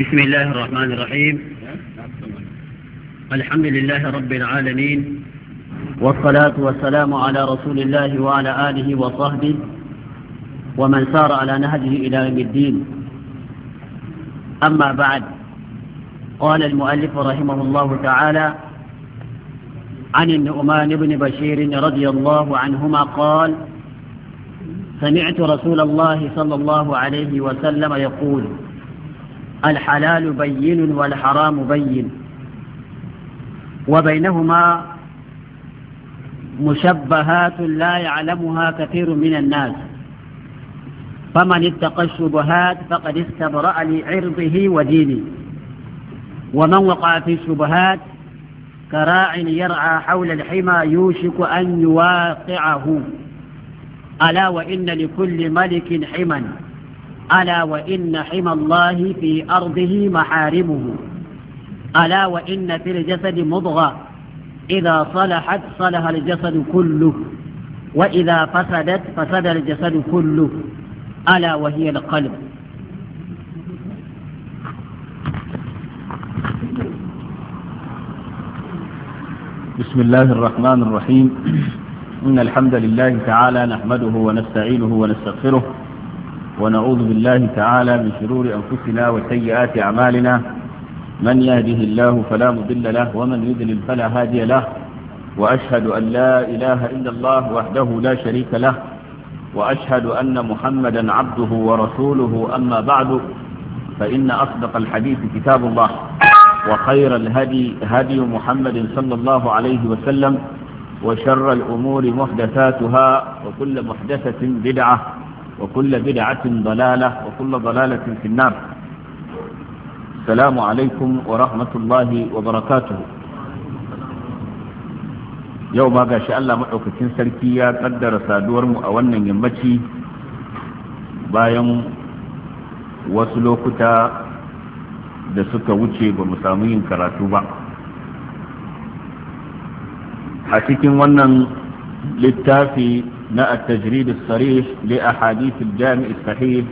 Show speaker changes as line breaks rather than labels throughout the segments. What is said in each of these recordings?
بسم الله الرحمن الرحيم الحمد لله رب العالمين والصلاة والسلام على رسول الله وعلى آله وصحبه ومن سار على نهجه إلى يوم الدين أما بعد قال المؤلف رحمه الله تعالى عن النؤمان بن بشير رضي الله عنهما قال سمعت رسول الله صلى الله عليه وسلم يقول الحلال بين والحرام بين وبينهما مشبهات لا يعلمها كثير من الناس فمن اتقى الشبهات فقد استبرأ لعرضه ودينه ومن وقع في الشبهات كراع يرعى حول الحمى يوشك أن يواقعه ألا وإن لكل ملك حمى ألا وإن حمى الله في أرضه محارمه ألا وإن في الجسد مضغة إذا صلحت صلح الجسد كله وإذا فسدت فسد الجسد كله ألا وهي القلب
بسم الله الرحمن الرحيم إن الحمد لله تعالى نحمده ونستعينه ونستغفره ونعوذ بالله تعالى من شرور أنفسنا وسيئات أعمالنا من يهده الله فلا مضل له ومن يذلل فلا هادي له وأشهد أن لا إله إلا الله وحده لا شريك له وأشهد أن محمدا عبده ورسوله أما بعد فإن أصدق الحديث كتاب الله وخير الهدي هدي محمد صلى الله عليه وسلم وشر الأمور محدثاتها وكل محدثة بدعة وكل بدعة wa وكل ضلالة في النار السلام عليكم ورحمة الله وبركاته yau ma gashi Allah maɗaukacin sarki ya saduwar mu a wannan yammaci bayan wasu lokuta da suka wuce ba mu samu yin karatu ba a cikin wannan littafi نا التجريد الصريح لأحاديث الجامع الصحيح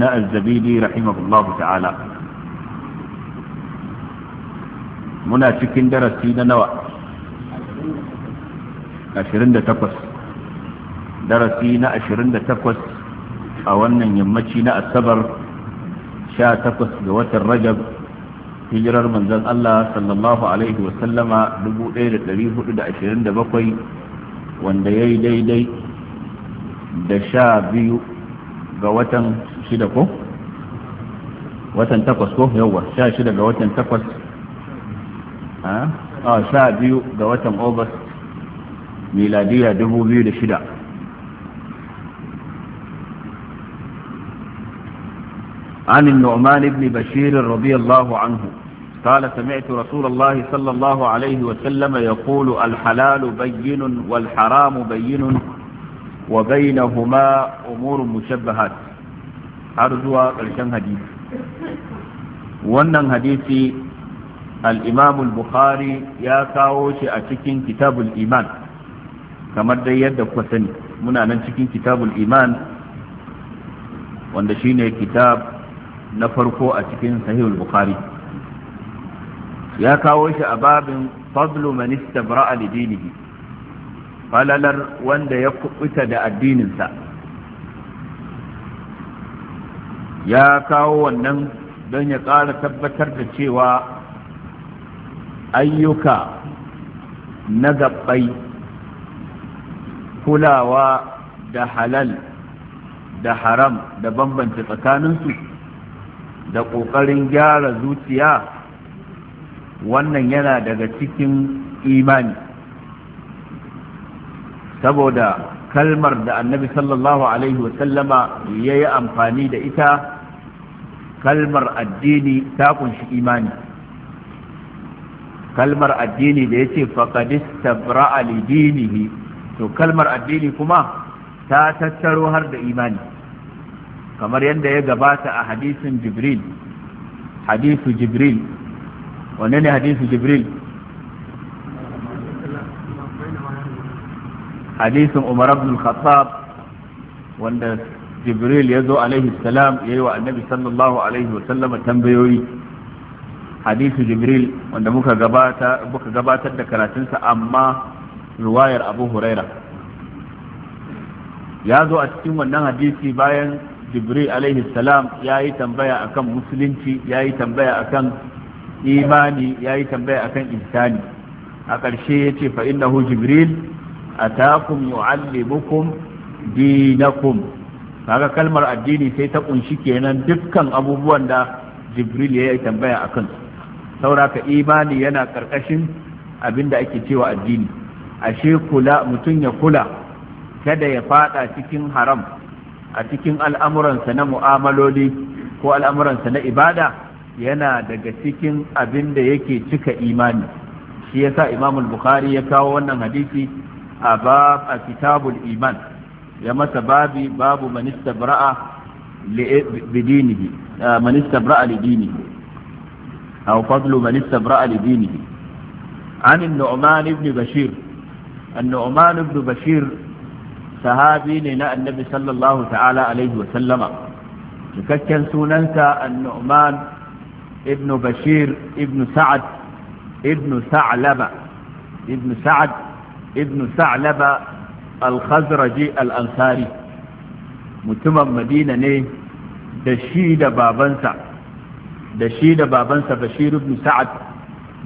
نا الزبيدي رحمه الله تعالى منا تكن درسينا نوع أشرين تقص درسينا أشرين تقص أولا يمتشينا السبر شا تقص جوات الرجب hijirar manzon Allah sallallahu Alaihi wasallama 1427 wanda ya yi daidai da sha biyu ga watan shida ko? watan takwas ko yawwa sha shida ga watan takwas a ah, sha biyu ga watan obas miladiya dubu biyu da shida عن النعمان بن بشير رضي الله عنه قال سمعت رسول الله صلى الله عليه وسلم يقول الحلال بين والحرام بين wa huma umurin mushabbahat har zuwa ƙarshen hadisi wannan hadisi al bukhari ya kawo shi a cikin kitabul iman kamar dai yadda kuka sani muna nan cikin kitabul iman wanda shine kitab na farko a cikin sahihul bukhari ya kawo shi a babin fadlu man istabra'a li dinihi falalar wanda ya kubuta da addininsa ya kawo wannan don ya ƙara tabbatar da cewa ayyuka na gabbai kulawa da halal da haram da bambanta tsakaninsu da ƙoƙarin gyara zuciya wannan yana daga cikin imani saboda kalmar da annabi sallallahu alaihi wasallama ya yi amfani da ita kalmar addini ta kunshi imani kalmar addini da ya ce faƙadista bra'ali dinihi to kalmar addini kuma ta tattaro har da imani kamar yadda ya gabata a hadisin jibril hadisu jibril wanne ne hadisu jibril hadisin umar Abdul khattab wanda jibril ya zo alaihi salam ya yi wa annabi sallallahu alaihi Sallama tambayoyi hadisu jibril wanda muka gabatar da karatunsa amma ruwayar abu huraira ya zo a cikin wannan hadisi bayan jibril alaihi salam ya yi tambaya akan musulunci ya yi tambaya akan imani ya yi tambaya akan insani a ƙarshe ya ce fa'innahu jibril atakum yu'allimukum dinakum kaga kalmar addini sai ta kunshi kenan dukkan abubuwan da jibril ya yi tambaya akan saura ka imani yana karkashin abin da ake cewa addini ashe kula mutum ya kula kada ya fada cikin haram a cikin al'amuransa na mu'amaloli ko al'amuransa na ibada yana daga cikin abin da yake cika imani shi yasa imamul bukhari ya kawo wannan hadisi أباب الكتاب الإيمان يا يمت بابي باب من استبرأ لدينه آه، من استبرأ لدينه أو فضل من استبرأ لدينه عن النعمان بن بشير النعمان بن بشير صحابي لنا النبي صلى الله تعالى عليه وسلم تكتن سننك النعمان ابن بشير ابن سعد ابن ثعلبة ابن سعد ibn sa'laba al-khazraji al-ansari mutumin madina ne da shi da babansa da shi da babansa bashir ibn sa'ad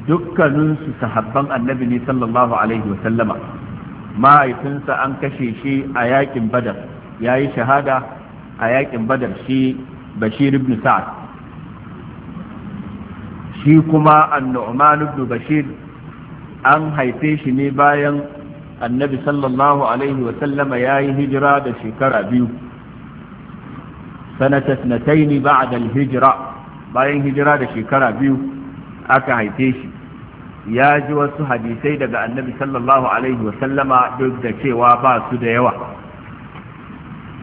dukkaninsu sahabban annabi ne sallallahu alaihi wa sallama mahaifinsa an kashe shi a yakin badar ya yi shahada a yakin badar shi bashir ibn sa'ad shi kuma an-nu'man ibn bashir an haife shi ne bayan annabi sallallahu alaihi wasallama ya yi hijira da shekara biyu sanata sanataini ba'da hijira bayan hijira da shekara biyu aka haife shi ya ji wasu hadisai daga annabi sallallahu alaihi wasallama duk da cewa ba su da yawa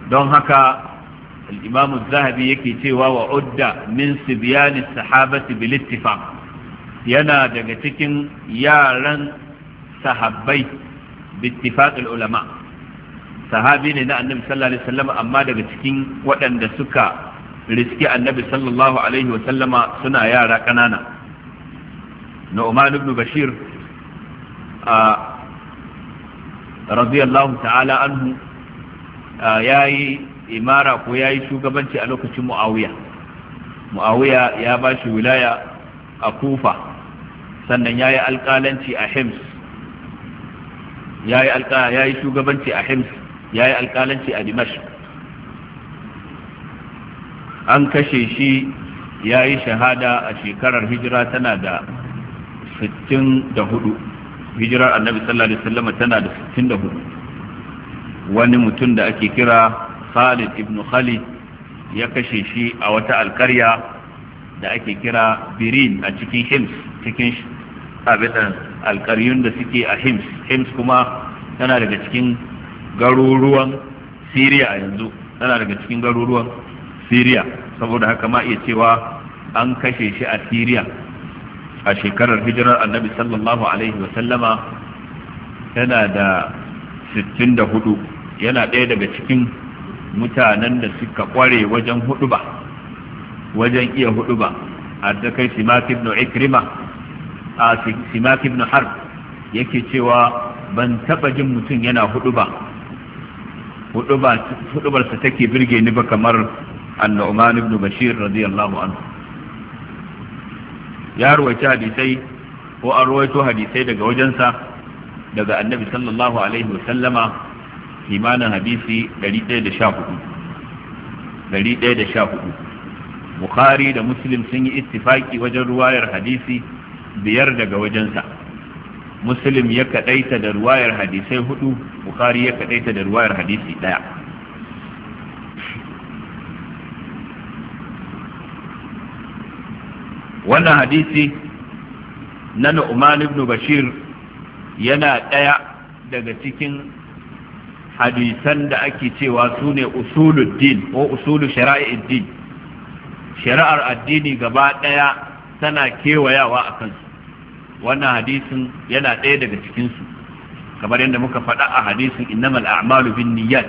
don haka al zahabi yake cewa wa udda min sibyanis sahabati bil yana daga cikin yaran sahabbai bittifaqil ulama sahabi ne na annabi sallallahu alaihi wasallam amma daga cikin waɗanda suka riski annabi sallallahu alaihi wasallama suna yara ƙanana nu'man ibn bashir a radiyallahu ta'ala anhu yayi imara ko yayi shugabanci a lokacin muawiya muawiya ya bashi wilaya a kufa sannan ya yi alƙalanci a hims ya yi shugabanci a hims ya yi alƙalanci a dimash an kashe shi ya yi shahada a shekarar hijira tana da 64 hijirar annabi sallallahu alaihi wasallam tana da 64 wani mutum da ake kira Khalid ibn Khalid ya kashe shi a wata alkarya da ake kira Birin a cikin Hims cikin abin alkaryun da suke a hims hims kuma tana daga cikin garuruwan syria a yanzu tana daga cikin garuruwan syria saboda haka ma iya cewa an kashe shi a syria a shekarar hijirar annabi sallallahu alaihi wasallama yana da 64 yana ɗaya daga cikin mutanen da suka kware wajen hudu ba wajen iya hudu ba a da kai ibn ikrima a simak ibn harb yake cewa ban taba jin mutum yana hudu ba hudubarsa take birge ni ba kamar annu'man ibn bashir radiyallahu anhu ya ruwaita hadisai ko an ruwaito hadisai daga wajensa daga annabi sallallahu alaihi wasallama kimanin hadisi 114 114 bukhari da muslim sun yi ittifaki wajen ruwayar hadisi biyar daga wajensa muslim ya kadaita da ruwayar hadisai hudu bukhari ya kadaita da ruwayar hadisi daya wannan hadisi na nu'man ibn bashir yana daya daga cikin hadisan da ake cewa su ne usuluddin ko usulu din, shari'ar addini gaba daya tana kewayawa a kansu wannan hadisin yana ɗaya daga cikinsu kamar yadda muka faɗa a hadisin innamal a'malu bin niyyat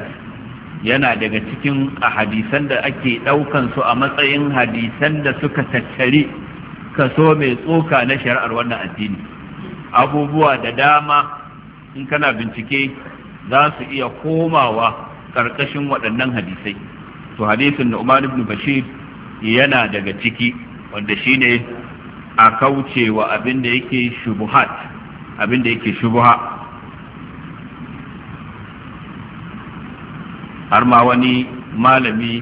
yana daga cikin a hadisan da ake ɗaukan su a matsayin hadisan da suka tattari kaso mai tsoka na shari'ar wannan addini abubuwa da dama in kana bincike za su iya komawa ƙarƙashin waɗannan hadisai to hadisin da umar ibn bashir yana daga ciki wanda shine a kaucewa abin da yake shubuhat abin da yake shubuha har ma wani malami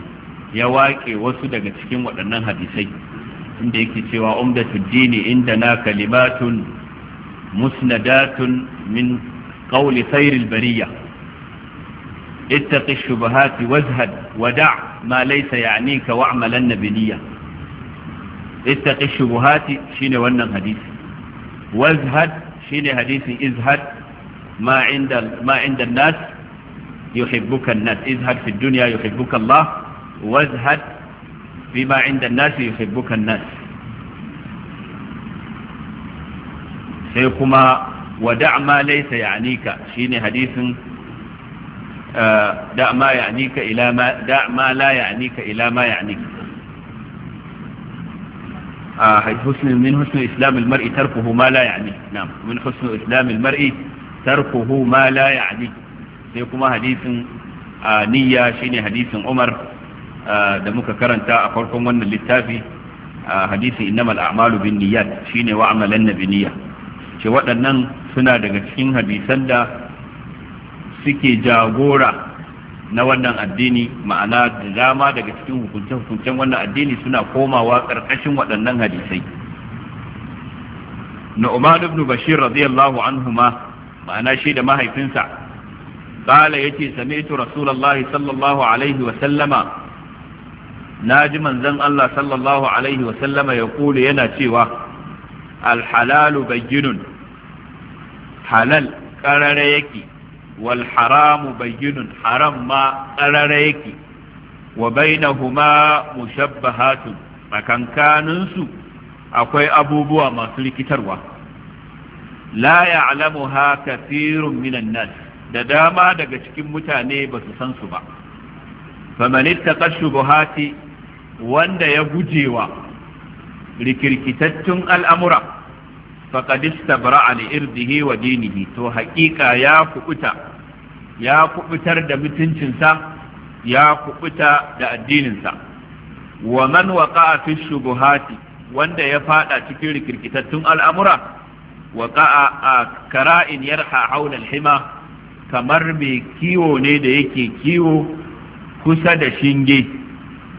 ya waƙe wasu daga cikin waɗannan hadisai inda yake cewa umdatul dini inda na kalimatun musnadatun min qawli khairil bariya ittaqi shubuhati wazhad wada' ma laysa ya'nika wa'malan nabiyya ittaqi shubuhati shine wannan hadisi wazhad shine hadisi izhad ma inda ma inda nas yuhibbuka nas izhad fi dunya yuhibbuka Allah wazhad bima inda nas yuhibbuka nas sai kuma wada' ma laysa ya'nika shine hadisin eh, da ma ya'nika ila ma da ma la ya'nika ila ma ya'nika حسن من حسن إسلام المرء تركه ما لا يعني نعم من حسن إسلام المرء تركه ما لا يعني سيكما حديث نية شيني حديث عمر da muka karanta a farkon wannan littafi a hadisin innamal a'malu bin niyyat shine wa na nabiyya ce waɗannan suna daga cikin hadisan da suke jagora na wannan addini ma'ana da dama daga cikin hukunce-hukuncen wannan addini suna komawa ƙarƙashin waɗannan hadisai Nu'man ibn Bashir radiyallahu ma ma'ana shi da mahaifinsa qala yace sami'tu rasulullahi sallallahu alaihi wa sallama naji manzon Allah sallallahu alaihi wa ya kula yana cewa Alhalalu halalu bayyinun halal ƙarare yake wal haramu bayyinun haram ma ƙarara yake wa bainahuma mushabbahatun tsakankaninsu akwai abubuwa masu rikitarwa la ya'lamuha kathirun minan nas da dama daga cikin mutane ba su san su ba faman ittaqa shubuhati wanda ya gujewa rikirkitattun al'amura faqad istabra'a li irdihi wa dinihi to haƙiƙa ya kuɓuta. ya kuɓutar da mutuncinsa ya kuɓuta da addininsa wa man waqa'a fi shubuhati wanda ya faɗa cikin rikirkitattun al'amura waqa'a a kara'in yarha haula hima kamar mai kiwo ne da yake kiwo kusa da shinge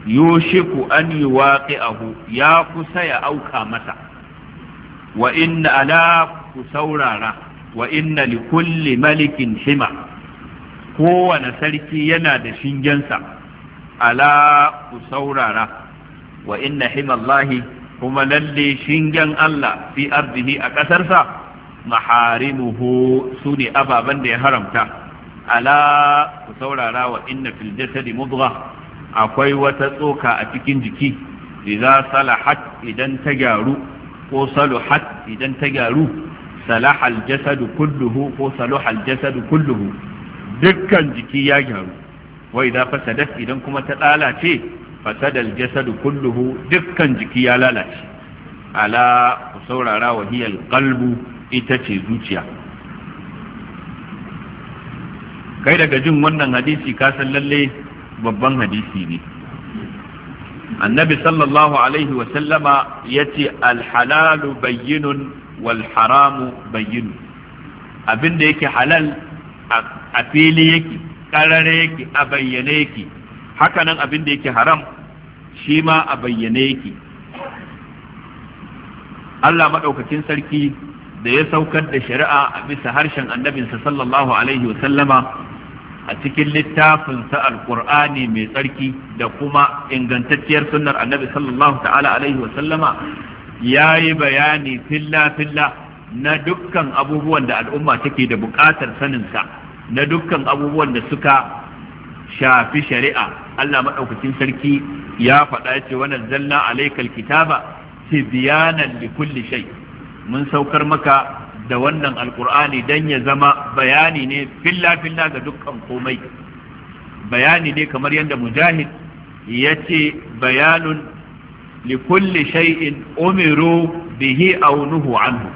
yoshiku an yi waƙi ahu ya kusa ya auka masa wa inna ala ku saurara wa inna li kulli malikin hima kowane sarki yana da shingensa ala ku saurara wa inna himallahi kuma lalle shingen Allah fi arzihi a ƙasarsa maharimuhu su ne ababen da ya haramta ala ku saurara wa inna fil jasadi mudgha akwai wata tsoka a cikin jiki idza salahat idan ta gyaru ko saluhat idan ta gyaru salahal jasadu kulluhu ko saluhal jasadu kulluhu dukkan jiki ya gyaru wa idan fasadat idan kuma ta lalace fasadal jasadu kulluhu dukkan jiki ya lalace ala ku saurara wa hiyal qalbu ita ce zuciya kai daga jin wannan hadisi ka san lalle babban hadisi ne annabi sallallahu alaihi wa sallama yace alhalalu bayyinun wal haramu bayyinun abinda yake halal a fili yake karare yake a bayyane yake hakanan abinda yake haram shi ma a bayyane yake Allah maɗaukakin sarki da ya saukar da shari'a a bisa harshen annabinsa sallallahu alaihi wa sallama a cikin littafinsa Alƙur'ani mai tsarki da kuma ingantacciyar sunnar annabi sallallahu ta'ala alaihi ya yi bayani filla-filla na dukkan abubuwan da al'umma take da buƙatar saninsa na dukkan abubuwan da suka shafi shari'a Allah maɗaukacin sarki ya faɗa ce wani zalla alaikal kitaba tibiyanan li kulli shay mun saukar maka da wannan alkur'ani dan ya zama bayani ne filla filla ga dukkan komai bayani ne kamar yadda mujahid ya ce bayanun likulli shay'in umiru bihi aw nuhu anhu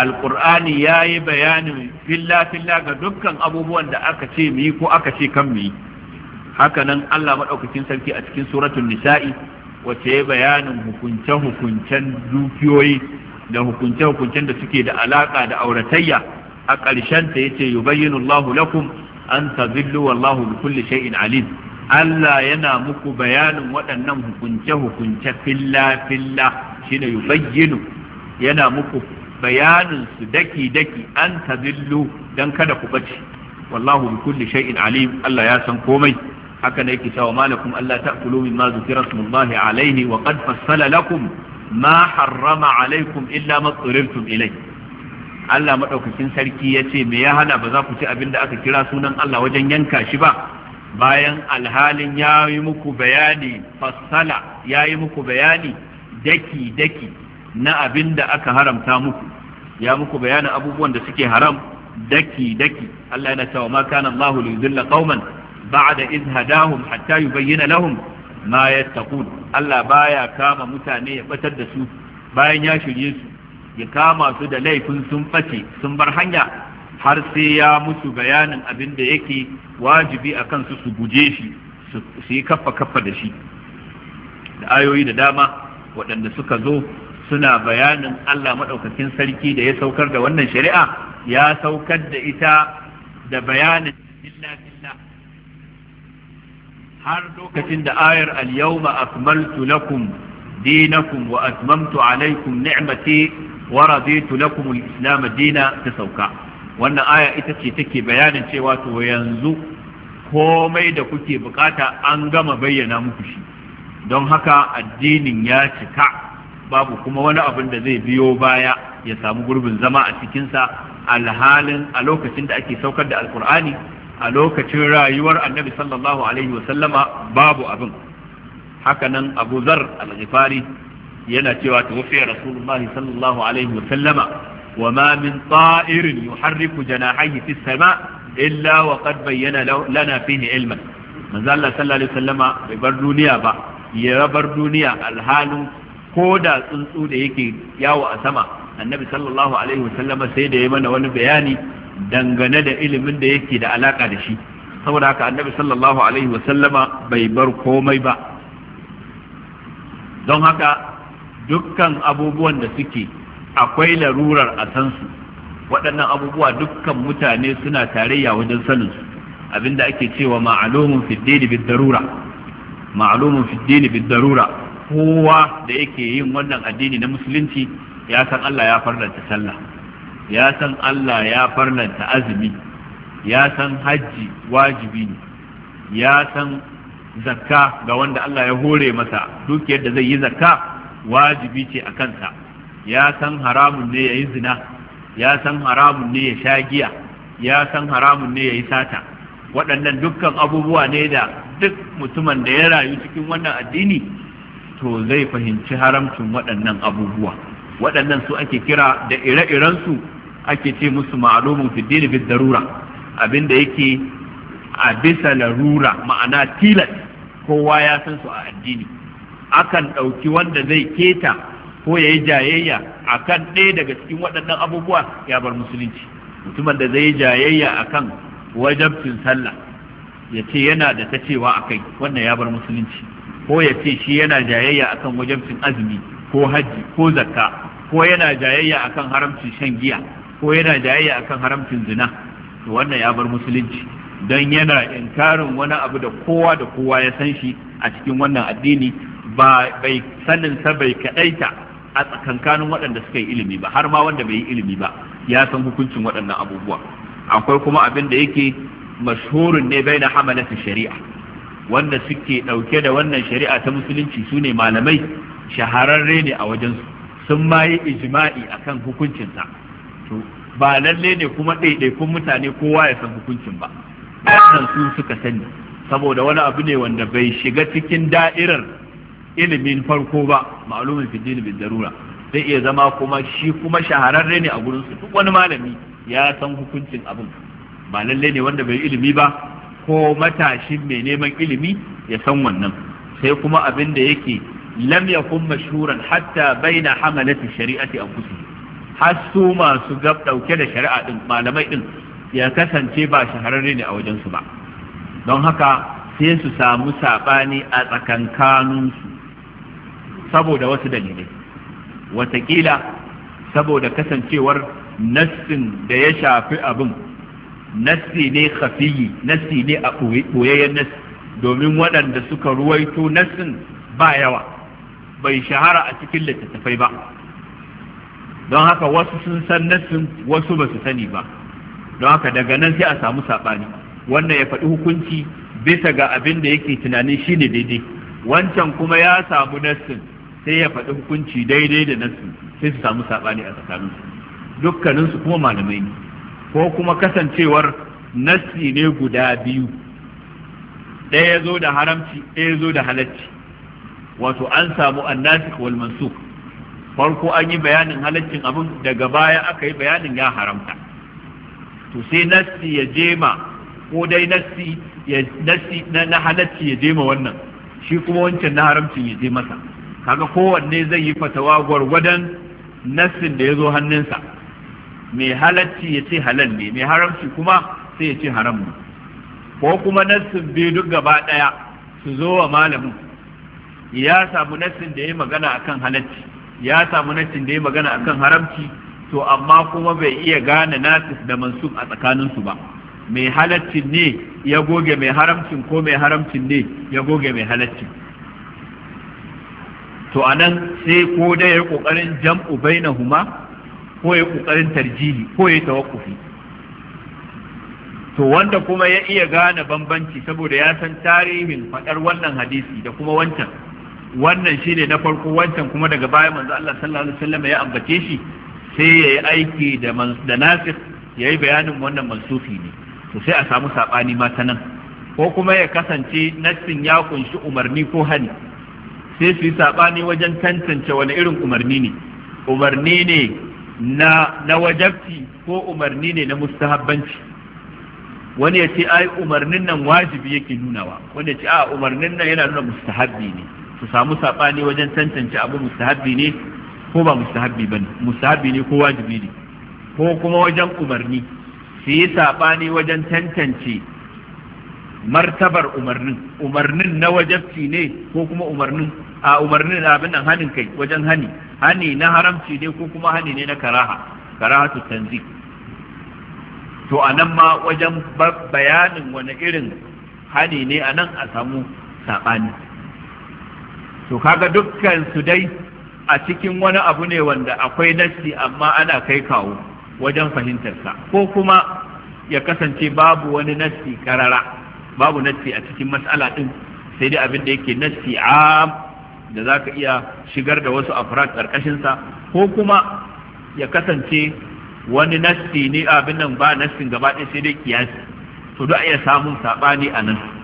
alkur'ani ya yi bayanin filla filla ga dukkan abubuwan da aka ce mu yi ko aka ce kan mu yi hakanan Allah maɗaukacin sarki a cikin suratun nisa'i wacce ya bayanin hukunce hukuncen dukiyoyi da hukunce-hukuncen da suke da alaka da auratayya a ƙarshen ta yace yubayyinu Allahu lakum an tazillu wallahu bi kulli shay'in alim Allah yana muku bayanin waɗannan hukunce-hukunce filla-filla shine yubayyinu yana muku bayanin su daki-daki an tazillu dan kada ku bace wallahu bi kulli shay'in alim Allah ya san komai haka ne yake cewa malakum Allah ta'kulu mimma zikra smullahi alayhi wa qad fassala lakum ma harrama alaikum illa ma ilai Allah maɗaukacin sarki ya ce me ya hana ba za ku ci abin da aka kira sunan Allah wajen yanka shi ba bayan alhalin ya yi muku bayani fassala ya yi muku bayani daki daki na abin da aka haramta muku ya muku bayanin abubuwan da suke haram daki daki Allah yana cewa ma kana Allah li qauman ba'da idh hadahum hatta yubayyana lahum ma yattaqun Allah baya kama mutane ya batar da su bayan ya shirye su ya kama su da laifin sun face sun bar hanya har sai ya musu bayanin abin da yake wajibi a kansu su guje shi su yi kaffa kaffa da shi da ayoyi da dama waɗanda suka zo suna bayanin Allah maɗaukakin sarki da ya saukar da wannan shari'a ya saukar da ita da bayanin har lokacin da ayar al-yawma akmaltu lakum dinakum wa atmamtu alaykum ni'mati wa raditu lakum al-islam dina ta sauka wannan aya ita ce take bayanin cewa to yanzu komai da kuke bukata an gama bayyana muku shi don haka addinin ya cika babu kuma wani abin da zai biyo baya ya samu gurbin zama a cikinsa alhalin a lokacin da ake saukar da alkur'ani a lokacin rayuwar annabi sallallahu alaihi wasallama babu abin hakanan abu zar al-ghifari yana cewa ta tawafiya rasulullahi sallallahu alaihi wasallama wa ma min ta'irin yuharriku janahihi fi sama illa wa qad bayyana lana fihi ilman manzo Allah sallallahu alaihi wasallama bai bar duniya ba ya bar duniya alhalin ko da tsuntsu da yake yawo a sama annabi sallallahu alaihi wasallama sai da ya mana wani bayani dangane da ilimin da yake da alaka da shi saboda haka annabi sallallahu alaihi wasallama bai bar komai ba don haka dukkan abubuwan da suke akwai larurar a san su waɗannan abubuwa dukkan mutane suna tarayya wajen sanin su abinda ake cewa ma'alumun fiddini bid darura ma'alumun fiddini bid darura kowa da yake yin wannan addini na musulunci ya san Allah ya farlanta sallah ya san Allah ya farnanta azumi ya san hajji wajibi ne ya san zakka ga wanda Allah ya hore masa duk yadda zai yi zakka wajibi ce a kansa ya san haramun ne ya yi zina ya san haramun ne ya sha giya ya san haramun ne ya yi sata waɗannan dukkan abubuwa ne da duk mutumin da ya rayu cikin wannan addini to zai fahimci haramcin waɗannan abubuwa waɗannan su ake kira da ire-irensu ake ce musu ma'alumin fiddini fi darura abinda yake a bisa larura ma'ana tilas kowa ya san su a addini akan ɗauki wanda zai keta ko ya yi jayayya a kan ɗaya daga cikin waɗannan abubuwa ya bar musulunci mutumin da zai yi jayayya a kan wajabcin sallah ya ce yana da ta cewa a kai wannan ya bar musulunci ko ya ce shi yana jayayya a kan wajabcin azumi ko hajji ko zakka ko yana jayayya a kan haramcin shan giya ko yana jayayya akan haramcin zina to wannan ya bar musulunci don yana inkarin wani abu da kowa da kowa ya san shi a cikin wannan addini ba bai sanin sa bai kadaita a tsakankanin waɗanda suka yi ilimi ba har ma wanda bai yi ilimi ba ya san hukuncin waɗannan abubuwa akwai kuma abin da yake mashhurin ne bai na hamalatu shari'a wanda suke ɗauke da wannan shari'a ta musulunci su ne malamai shahararre ne a wajensu sun ma yi ijma'i akan hukuncinsa ba lalle ne kuma ɗaiɗaikun mutane kowa ya san hukuncin ba wannan su suka sani saboda wani abu ne wanda bai shiga cikin da'irar ilimin farko ba ma'alumin fidini bin darura zai iya zama kuma shi kuma shahararre ne a gurin su duk wani malami ya san hukuncin abin ba lalle ne wanda bai ilimi ba ko matashin mai neman ilimi ya san wannan sai kuma abin da yake lam yakun mashhuran hatta baina hamalati shari'ati anfusihi har su masu gab dauke da shari'a din malamai din ya kasance ba shahararre ne a wajen ba don haka sai su samu sabani a tsakankanin su saboda wasu dalilai watakila saboda kasancewar nassin da ya shafi abin nassi ne khafiyi nassi ne a ɓoyayyen nassi domin waɗanda suka ruwaito nassin ba yawa bai shahara a cikin littattafai ba don haka wasu sun san nassin wasu ba su sani ba don haka daga nan sai a samu saɓani wannan ya faɗi hukunci bisa ga abin da yake tunanin shine daidai wancan kuma ya samu nassin sai ya faɗi hukunci daidai da nassin sai su samu saɓani a tsakaninsu dukkaninsu kuma malamai ne ko kuma kasancewar nassi ne guda biyu ɗaya zo da haramci ɗaya zo da halacci wato an samu annasik wal mansukh farko an yi bayanin halaccin abin daga baya aka yi bayanin ya haramta to sai nassi ya jema ko dai nassi ya nassi na halacci ya jema wannan shi kuma wancan na haramcin ya je masa kaga kowanne zai yi fatawa gwargwadon nassin da ya zo hannunsa mai halacci ya ce halal ne mai haramci kuma sai ya ce haram ne ko kuma nassin biyu duk gaba ɗaya su zo wa malamin ya samu nassin da ya magana akan halacci ya samu nacin da ya magana akan haramci to amma kuma bai iya gane nasis da mansub a tsakaninsu ba mai halaccin ne ya goge mai haramcin ko mai haramcin ne ya goge mai halaccin to anan sai ko dai ya kokarin jam'u bainahuma ko ya kokarin tarjihi ko ya tawakkufi to wanda kuma ya iya gane bambanci saboda ya san tarihin faɗar wannan hadisi da kuma wancan wannan shi ne na farko wancan kuma daga baya manzo Allah sallallahu alaihi wasallam ya ambace shi sai yayi aiki da da nasikh yayi bayanin wannan mansufi ne to sai a samu sabani ma ta nan ko kuma ya kasance nassin ya kunshi umarni ko hani sai su yi sabani wajen tantance wani irin umarni ne umarni ne na na wajabci ko umarni ne na mustahabbanci wani ya ce ai umarnin nan wajibi yake nunawa wani ya ce a umarnin nan yana nuna mustahabbi ne su samu saɓani wajen tantance abu mustahabbi ne ko ba mustahabbi ba mustahabbi ne ko wajibi ne ko kuma wajen umarni su yi saɓani wajen tantance martabar umarnin umarnin na wajabci ne ko kuma umarnin a umarnin abin nan hanin kai wajen hani hani na haramci ne ko kuma hani ne na karaha karahatu tanzi to a nan ma wajen bayanin wani irin hani ne a nan a samu saɓani to kaga dukkan su dai a cikin wani abu ne wanda akwai nassi amma ana kai kawo wajen fahimtarsa ko kuma ya kasance babu wani nassi karara babu nassi a cikin matsala din sai dai abin da yake nassi a da za ka iya shigar da wasu afirat ƙarƙashinsa ko kuma ya kasance wani nassi ne abin nan ba nassin gaba ɗaya sai dai kiyasi to duk iya samun saɓani a nan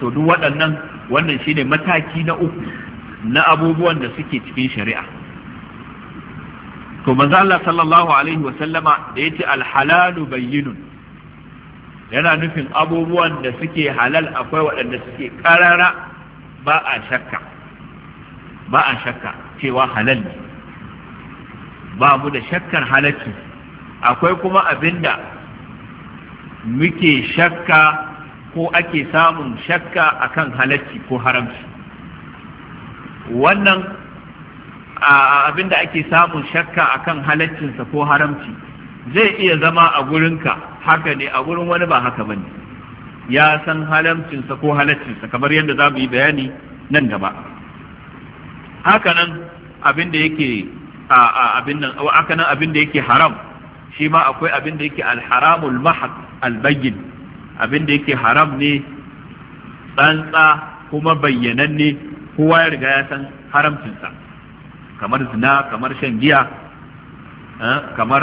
to duk waɗannan wannan shine mataki na uku na abubuwan da suke cikin shari'a to manzo Allah sallallahu alaihi wa sallama da yace al halal bayyinun yana nufin abubuwan da suke halal akwai waɗanda suke karara ba a shakka ba a shakka cewa halal ne ba mu da shakkar halacci akwai kuma abinda muke shakka ko ake samun shakka akan halacci ko haramci wannan abinda ake samun shakka akan halaccinsa ko haramci zai iya zama a gurinka haka ne a gurin wani ba haka bane ya san halamcinsa ko halaccinsa kamar yadda za mu yi bayani nan gaba haka nan abin da yake abin nan haka nan abin da yake haram shi ma akwai abin da yake alharamul mahaq albayyin abin da yake haram ne tsantsa kuma bayyananne kowa ya riga ya san haramcinsa kamar zina kamar shan giya eh, kamar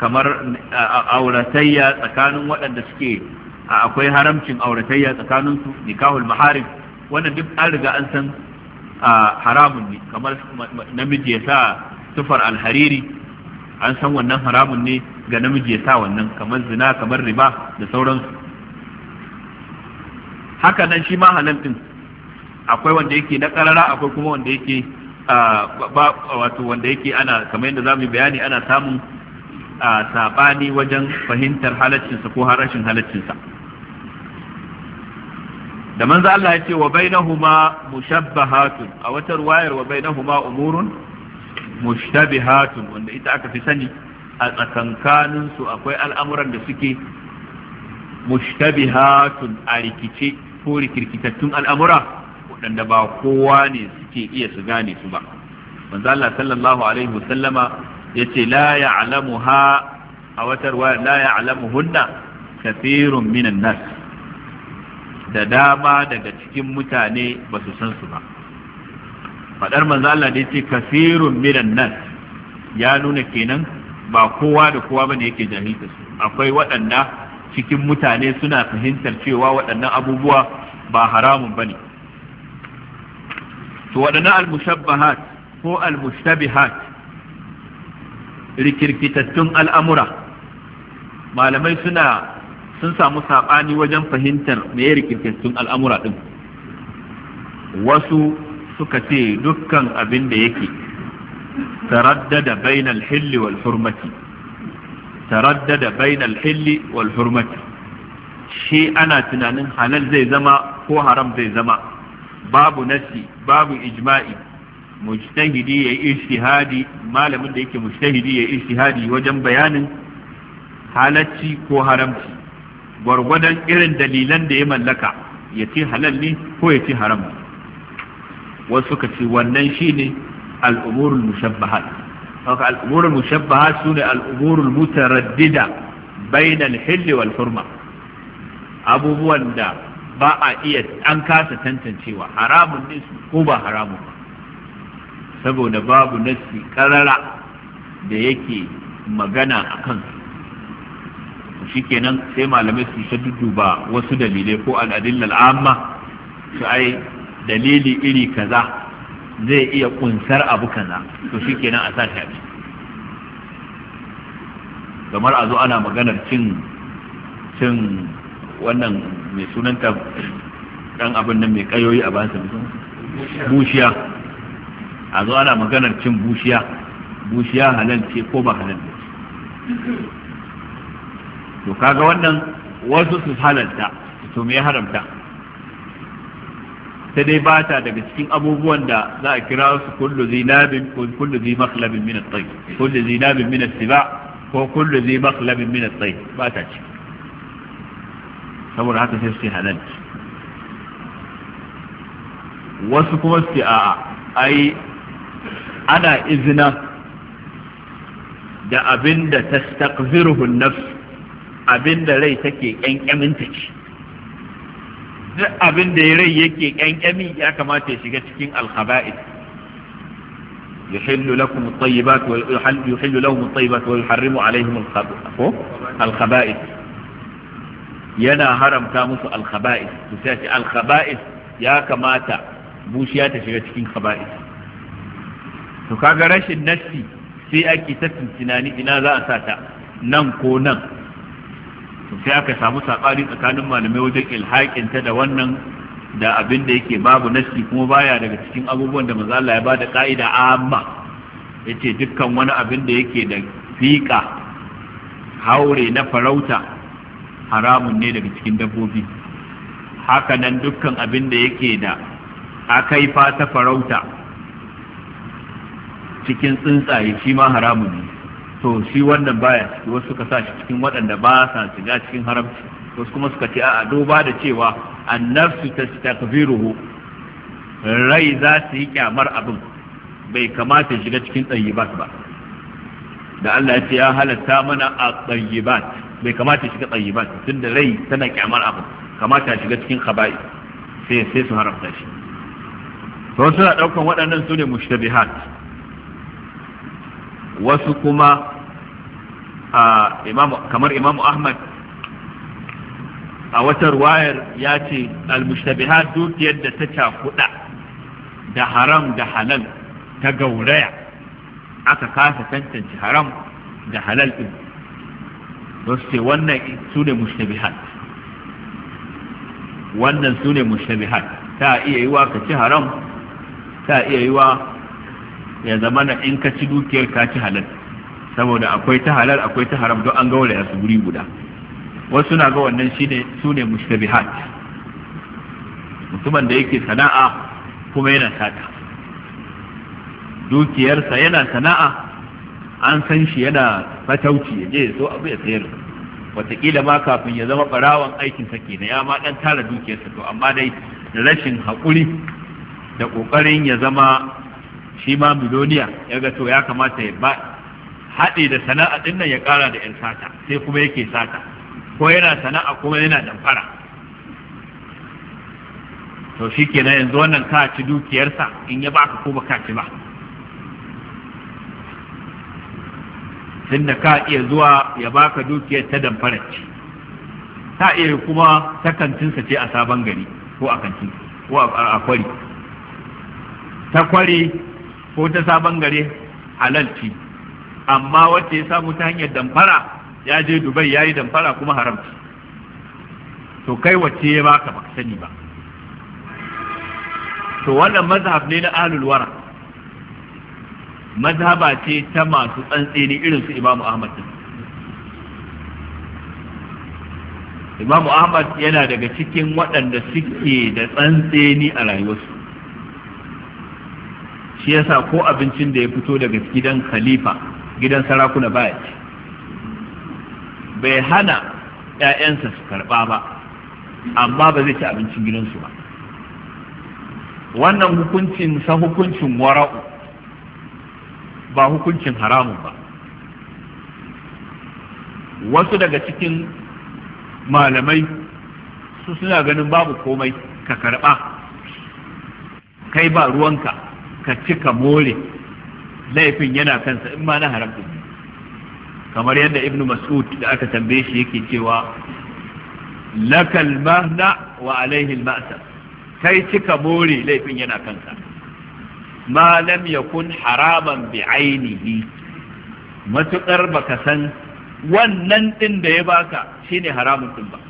kamar eh, auratayya tsakanin waɗanda suke akwai haramcin auratayya tsakanin su nikahul maharim wannan duk an riga an san haramun ne kamar namiji ya sa sufar alhariri an san wannan haramun ne ga namiji ya sa wannan kamar zina kamar riba da sauransu haka nan shi ma halal akwai wanda yake na karara akwai kuma wanda yake ba wato wanda yake ana kamar yadda yi bayani ana samun sabani wajen fahimtar halaccinsa ko harashin halaccinsa da manzo Allah ya ce wa bainahuma mushabbahatun a wata ruwayar wa bainahuma umurun mushtabihatun wanda ita aka fi sani a tsakankanin su akwai al'amuran da suke mushtabihatun a rikice kore kirkitattun al'amura waɗanda ba kowa ne suke iya su gane su ba manzo Allah sallallahu alaihi wasallama yace la ha a watar wa alamu ya'lamuhunna kathirun minan nas da dama daga cikin mutane ba su san su ba Faɗar manzo Allah da yace kathirun minan nas ya nuna kenan ba kowa da kowa ne yake jahilta su akwai waɗanda cikin mutane suna fahimtar cewa waɗannan abubuwa ba haramun ne. to waɗannan almushabbahat ko almushtabihat rikirkitattun al'amura malamai suna sun samu saɓani wajen fahimtar mai rikirkitattun al'amura ɗin wasu suka ce dukkan abin da yake taraddada bainal hilli wal hurmati taraddada bainal hilli wal hurmati shi ana tunanin halal zai zama ko haram zai zama babu nasi babu ijma'i mujtahidi ya ijtihadi malamin da yake mujtahidi ya ijtihadi wajen bayanin halacci ko haramci gwargwadon irin dalilan da ya mallaka ya ci halal ne ko ya ci haram wasu ka ce wannan shine al'umurul mushabbahat haka al'umurul mushabbaha sune al'umurul mutaraddida bainal hilli wal hurma abubuwan da ba a iya an kasa tantancewa haramun ne su ko ba haramun ba saboda babu nassi karara da yake magana a kansu shikenan sai malamai su ta dudduba wasu dalilai ko al'adillal amma su ai dalili iri kaza zai iya kunsar abu kaza to shikenan a sa tabi kamar a zo ana maganar cin cin wannan mai sunanta dan abin nan mai kayoyi a bayansa bushiya a zo ana maganar cin bushiya bushiya halal ce ko ba halal ce to kaga wannan wasu su halalta to me ya haramta sai dai ba ta daga cikin abubuwan da za a kira su kullu zinabin kullu zi makhlabin min at-tayy kullu zinabin min at-tiba ko kullu zi makhlabin min at-tayy ba ta ci saboda haka sai su halal wasu kuma su a ai ana izina da abin da an-nafs abinda rai take kyankyamin ta ci duk abin da ya rai yake kyankyami ya kamata ya shiga cikin alkhaba'is يحل لكم الطيبات ويحل لهم الطيبات ويحرم عليهم الخبائث yana haramta musu alkhaba'is su sai ya kamata bushiya ta shiga cikin khaba'is to kaga rashin nassi sai ake ta tunani ina za a sata nan ko nan to sai aka samu sabari tsakanin malamai wajen ilhaƙin ta da wannan da abin da yake babu nasi kuma baya daga cikin abubuwan da manzo Allah ya bada ka'ida amma yace dukkan wani abin da yake da fiƙa haure na farauta haramun ne daga cikin dabbobi haka nan dukkan abin da yake da akaifa ta farauta cikin tsuntsaye shi ma haramun ne to shi wannan baya ciki wasu suka sa shi cikin waɗanda ba sa shiga cikin haramci wasu kuma suka ce a duba da cewa annafsu tastakbiruhu rai za su yi kyamar abin bai kamata shiga cikin tsayyibat ba da Allah ya ce ya halatta mana a tsayyibat bai kamata shiga tsayyibat tunda rai tana kyamar abin kamata shiga cikin khaba'i sai sai su haramta shi to suna daukan waɗannan su ne mushtabihat wasu kuma kamar imamu ahmad a wata ruwayar ya ce almushtabihat dukiyar da ta cakuda da haram da halal ta gauraya aka kasa tantance haram da halal din su ce wannan su ne mushtabihat wannan su ne mushtabihat ta iya yi wa ka ci haram ta iya yi wa ya zama na in ka ci dukiyar ka ci halal saboda akwai ta halal akwai ta haram don an gauraya su guri guda wasu na ga wannan shine su ne mushtabihat mutumin da yake sana'a kuma yana sata dukiyarsa yana sana'a an san shi yana fatauci ya je so abu ya sayar wataƙila ma kafin ya zama ɓarawan aikin sa na ya ma dan tara dukiyarsa to amma dai da rashin haƙuri da ƙoƙarin ya zama shi ma miloniya ya ga to ya kamata ya ba haɗe da sana'a ɗin ya ƙara da ‘yan sata sai kuma yake sata ko yana sana'a kuma yana damfara to shi ke na yanzu wannan ka ci dukiyarsa in ya baka ko ba ka ci ba da ka iya zuwa ya baka dukiyar ta damfarar ce ta iya kuma ta kantinsa ce a sabon gari ko a kantin ko a kwari ta kwari ko ta sabon gare halalci amma wacce ya samu ta hanyar damfara ya je dubai ya yi damfara kuma haramci to kai wacce ya baka ba sani ba to wannan mazhab ne na alulwara wara mazhaba ce ta masu tsantseni irin su imamu ahmad imamu ahmad yana daga cikin waɗanda suke da tsantseni a rayuwarsu shi yasa ko abincin da ya fito daga gidan khalifa gidan sarakuna baya ci bai hana ‘ya'yansa su karɓa ba amma ba zai ci abincin gidansu ba wannan hukuncin sa hukuncin wara'u ba hukuncin haramun ba wasu daga cikin malamai su suna ganin babu komai ka karɓa kai ba ruwanka ka ci ka more laifin yana kansa in ma na haramta kamar yadda ibnu mas'ud da aka tambaye shi yake cewa lakal mahna wa alaihi al-ma'sa kai cika more laifin yana kansa. ma lam yakun haraman bi ainihi matukar baka san wannan din da ya baka shine haramun din ba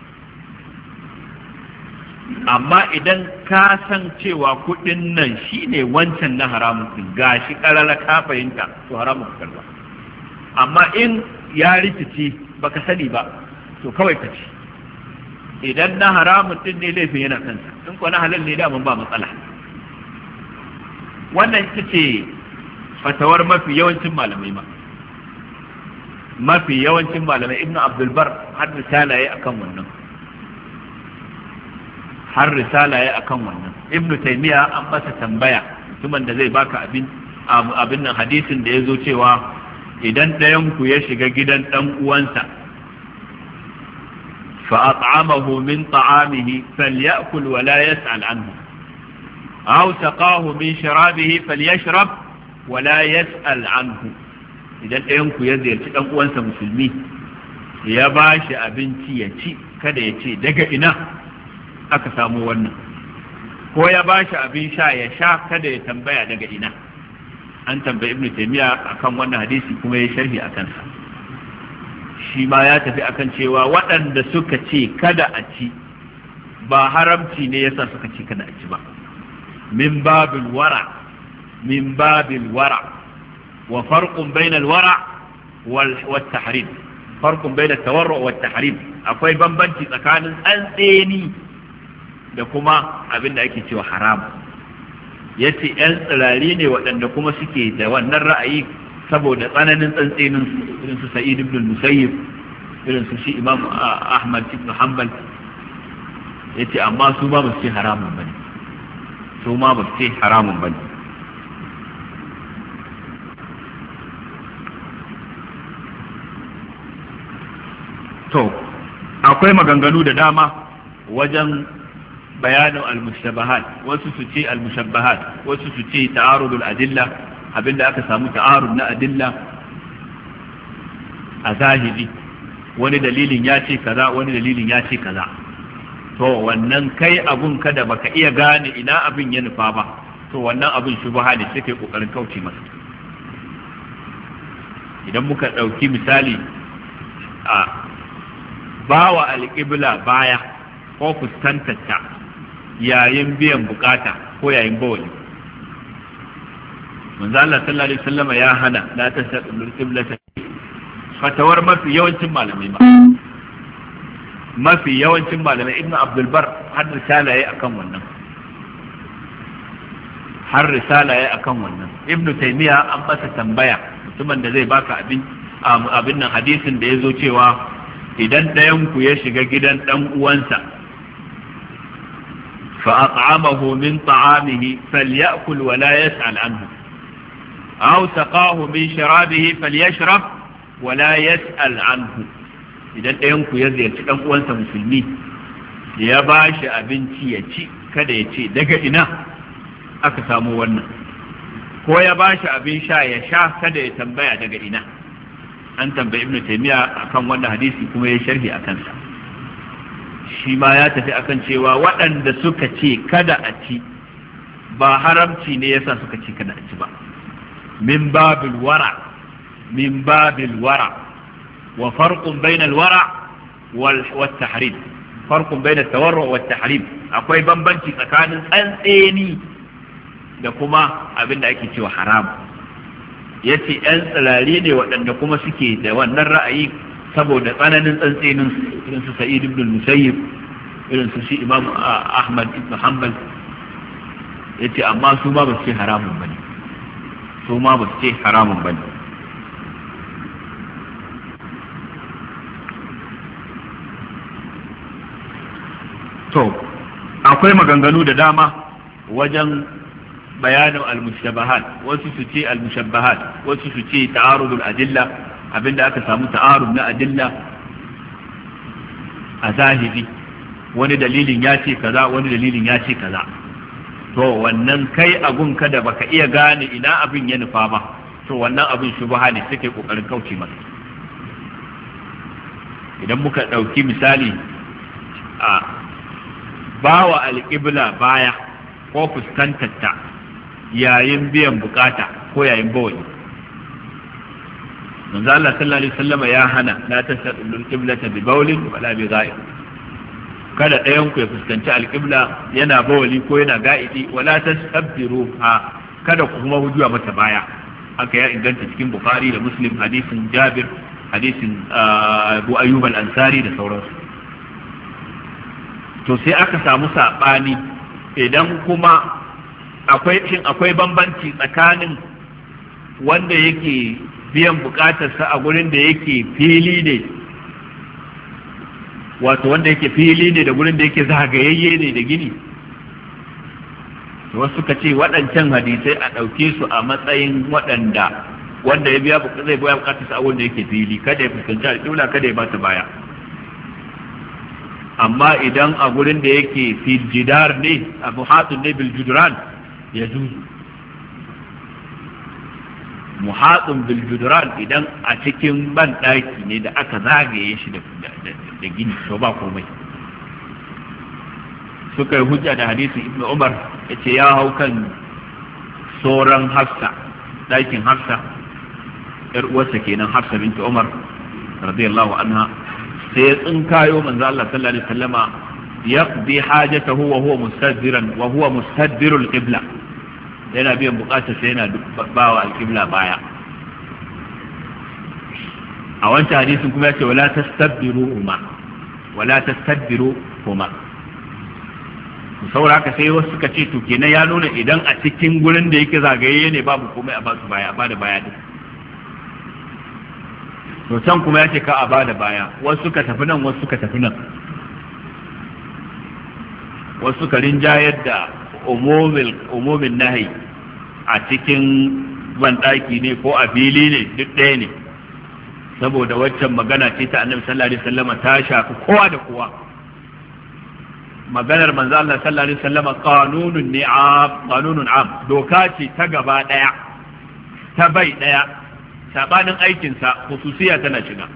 amma idan ka san cewa kuɗin nan shine wancan na haramun ga shi karara ka fahimta to haramun ka karba amma in ya rikici baka sani ba to kawai ka ci idan na haramun din ne laifin yana kansa in ko na halal ne daman ba matsala wannan ita ce fatawar mafi yawancin malamai ma mafi yawancin malamai ibnu abdulbar har misalaye akan wannan har risala ya akan wannan ibnu taymiya an masa tambaya mutumin da zai baka abin abin nan hadisin da ya zo cewa idan ɗayan ku ya shiga gidan ɗan uwansa fa at'amahu min ta'amihi falyakul wa la yas'al anhu aw saqahu min sharabihi falyashrab wa la yas'al anhu idan ɗayan ku ya ziyarci ɗan uwansa musulmi ya ba shi abinci ya ci kada ya ce daga ina aka samu wannan ko ya ba shi abin sha ya sha kada ya tambaya daga ina an tambayi ibnu taymiya akan wannan hadisi kuma ya sharhi akan sa shi ma ya tafi akan cewa waɗanda suka ce kada a ci ba haramci ne yasa suka ce kada a ci ba min babil wara min babil wara wa farqun bainal wara wal tahrim farqun bainat tawarru wat tahrim akwai bambanci tsakanin tsantseni da kuma abin da ake cewa haram yace yan tsirari ne waɗanda kuma suke da wannan ra'ayi saboda tsananin tsantsenin irin su sa'id ibn musayyib irin su shi imam ahmad ibn hanbal yace amma su ma ba su ce haramun bane su ma ba su ce haramun bane to akwai maganganu da dama wajen bayanin al wasu su ce al wasu su ce ta'arudul adilla abinda aka samu ta'arud na adilla a zahiri wani dalilin ya ce kaza wani dalilin ya ce kaza to wannan kai abun kada baka iya gane ina abin ya nufa ba to wannan abin shubha ne sai kai kokarin kauce masa idan muka ɗauki misali a bawa alƙibla baya ko fuskantar ta yayin biyan bukata ko yayin bawali manzo Allah sallallahu alaihi wasallam ya hana ta tasallul qiblata fatawar mafi yawancin malamai ba mafi yawancin malamai ibnu abdul bar har risala yayi akan wannan har risala yayi akan wannan ibnu taymiya an masa tambaya mutumin da zai baka abin abin nan hadisin da yazo cewa idan ɗayan ku ya shiga gidan dan uwansa فأطعمه من طعامه فليأكل ولا يسأل عنه أو سقاه من شرابه فليشرب ولا يسأل عنه idan ɗayanku ya ziyarci ɗan uwansa musulmi ya ba shi abinci ya ci kada ya ce daga ina aka samu wannan ko ya bashi shi abin sha ya sha kada ya tambaya daga ina an tambayi ibnu taymiya akan wannan hadisi kuma ya sharhi akan sa shi ma ya tafi akan cewa waɗanda suka ce kada a ci ba haramci ne yasa suka ce kada a ci ba min babil wara min babil wara wa farqun bainal wara wal tahrim farqun bainat tawarru wat tahrim akwai bambanci tsakanin tsantseni da kuma abin da ake cewa haram yace yan tsalare ne waɗanda kuma suke da wannan ra'ayi saboda tsananin tsantsenin irin su sa'id ibn musayyib irin su shi imam ahmad ibn hanbal yace amma su ma ba su ce haramun bane su ma ba su ce haramun bane to akwai maganganu da dama wajen bayanin al-mushabahat wasu su ce al-mushabahat wasu su ce ta'arudul adilla abinda aka samu ta'arub na adilla a zahiri wani dalilin ya ce kaza wani dalilin ya ce kaza to wannan kai abun ka da baka iya gane ina abin ya nufa ba to wannan abin shubha ne suke kokarin kauce masa idan muka ɗauki misali a bawa alƙibla baya ko fuskantar ta yayin biyan bukata ko yayin bawani manzo Allah sallallahu alaihi ya hana la tastaqbilul qiblata bi bawlin wala bi gha'ib kada ɗayan ku ya fuskanci alƙibla yana bawali ko yana ga'idi wala tasabbiru ha kada ku kuma hujuwa mata baya haka ya inganta cikin bukhari da muslim hadisin jabir hadisin ah, abu ayyub al-ansari da sauransu to sai aka samu sabani idan kuma akwai shin akwai bambanci tsakanin wanda yake biyan bukatarsa a gurin da yake fili ne wato wanda yake fili ne da gurin da yake zagayayye ne da gini wasu suka ce waɗancan hadisai a ɗauke su a matsayin waɗanda wanda ya biya zai biya bukatarsa a gurin da yake fili kada ya fuskanci alƙibla kada ya bata baya amma idan a gurin da yake filjidar ne a buhatun ne biljudran ya zuzu muhatsun biljudural idan a cikin ban ɗaki ne da aka zagaye shi da gini to ba komai suka yi hujja da hadisi ibn umar ya ce ya hau kan sauran hafsa ɗakin hafsa yar uwarsa kenan hafsa binta umar radiyallahu anha sai ya tsinkayo manzo Allah sallallahu alaihi wasallama yaqdi hajatahu wa huwa mustaddiran wa huwa mustaddirul qibla yana biyan bukatar sai yana bawa alƙibla baya a wancan hadisin kuma ya ce wala tastabbiru umar wala umar ku saura haka sai wasu suka ce tuke na ya nuna idan a cikin gurin da yake zagaye ne babu komai a basu baya ba da baya din to can kuma ya ce ka a ba da baya wasu suka tafi nan wasu suka tafi nan wasu suka rinjayar da umumin nahi a cikin banɗaki ne ko a fili ne duk ɗaya ne saboda waccan magana ce ta annabi sallallahu alaihi wasallam ta shafi kowa da kowa maganar manzo Allah sallallahu alaihi wasallam qanunun ni'am qanunun am doka ce ta gaba daya ta bai daya sabanin aikin sa khususiya tana shiga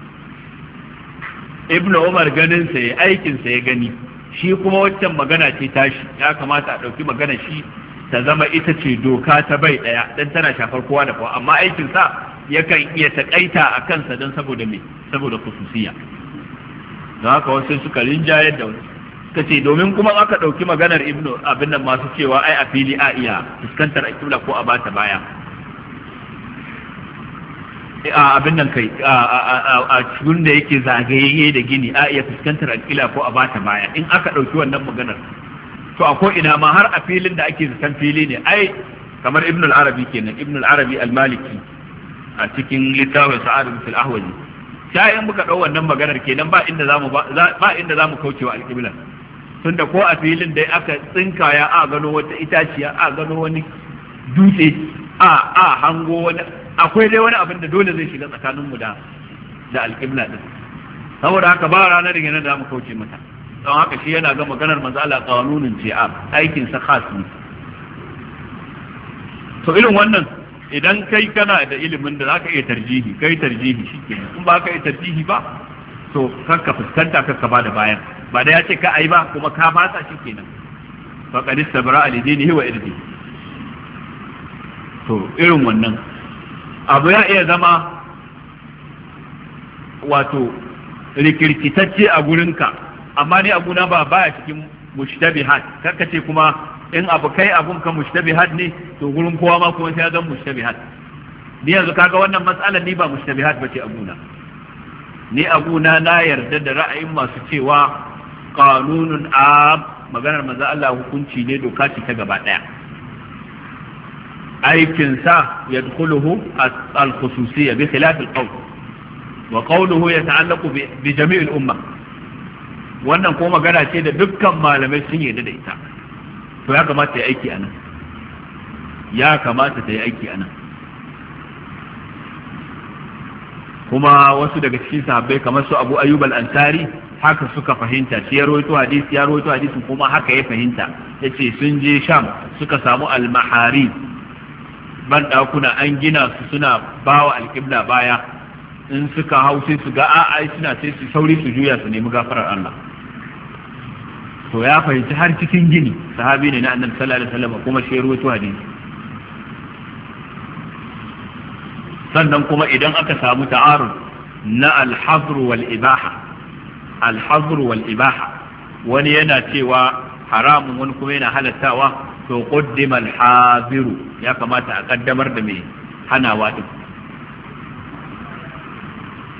ibnu umar ganin sa aikin sa ya gani shi kuma waccan magana ce tashi ya kamata a ɗauki magana shi ta zama ita ce doka ta bai ɗaya dan tana shafar kowa da kowa amma aikin sa yakan iya taƙaita a kansa don saboda me saboda kususiya don haka wasu suka rinjayar da wasu ta ce domin kuma aka ɗauki maganar ibnu abin nan masu cewa ai a fili a iya fuskantar a ko a bata baya abin nan kai a cikin da yake zagaye da gini a iya fuskantar alƙila ko a bata baya in aka ɗauki wannan maganar to a ko ina ma har a filin da ake zaton fili ne ai kamar ibn al-arabi kenan ibn al-arabi al-maliki a cikin littafin sa'ad bin al ahwaji sai in muka ɗau wannan maganar kenan ba inda zamu ba inda zamu kaucewa al-qibla tunda ko a filin da aka tsinkaya a gano wata itaciya a gano wani dutse a a hango wani akwai dai wani abin da dole zai shiga tsakanin mu da da alƙibla din saboda haka ba ranar da da mu kauce mata don haka shi yana ga maganar mazala qanunin a aikin sa khas ne to irin wannan idan kai kana da ilimin da zaka iya tarjihi kai tarjihi shikenan in ba ka iya tarjihi ba to kanka fuskanta kakka ba da bayan ba da ya ce ka ai ba kuma ka fasa shikenan faqad istabra al-dinihi wa irdi to irin wannan abu ya iya zama wato rikirkitacce a gurinka amma ni abuna ba baya cikin mushtabihat karka ce kuma in abu kai abun ka mushtabihat ne to gurin kowa ma kuma sai ya zama mushtabihat ni yanzu kaga wannan matsalar ni ba mushtabihat bace abuna ni abuna na yarda da ra'ayin masu cewa qanunun a maganar manzo Allah hukunci ne doka ce ta gaba daya aikinsa ya dukuluhu al-khususiyya bi khilaf al-qawl wa qawluhu yata'allaqu bi jami'il umma wannan ko magana ce da dukkan malamai sun yarda da ita to ya kamata ta yi aiki anan ya kamata ta yi aiki anan kuma wasu daga cikin sahabbai kamar su Abu Ayyub al-Ansari haka suka fahimta shi ya rawaito hadisi ya rawaito hadisin kuma haka ya fahimta yace sun je Sham suka samu al-mahari banɗakuna ɗakuna an gina su suna bawa alƙibla baya in suka hau sai su ga a'a suna sai su sauri su juya su nemi gafarar Allah to ya fahimci har cikin gini sahabi ne na annabi sallallahu alaihi wasallam kuma shi ruwaito hadisi sannan kuma idan aka samu ta'arud na al-hazr wal ibaha al-hazr wal ibaha wani yana cewa haramun wani kuma yana halattawa to qaddima al-haziru ya kamata a ƙaddamar da mai hanawa din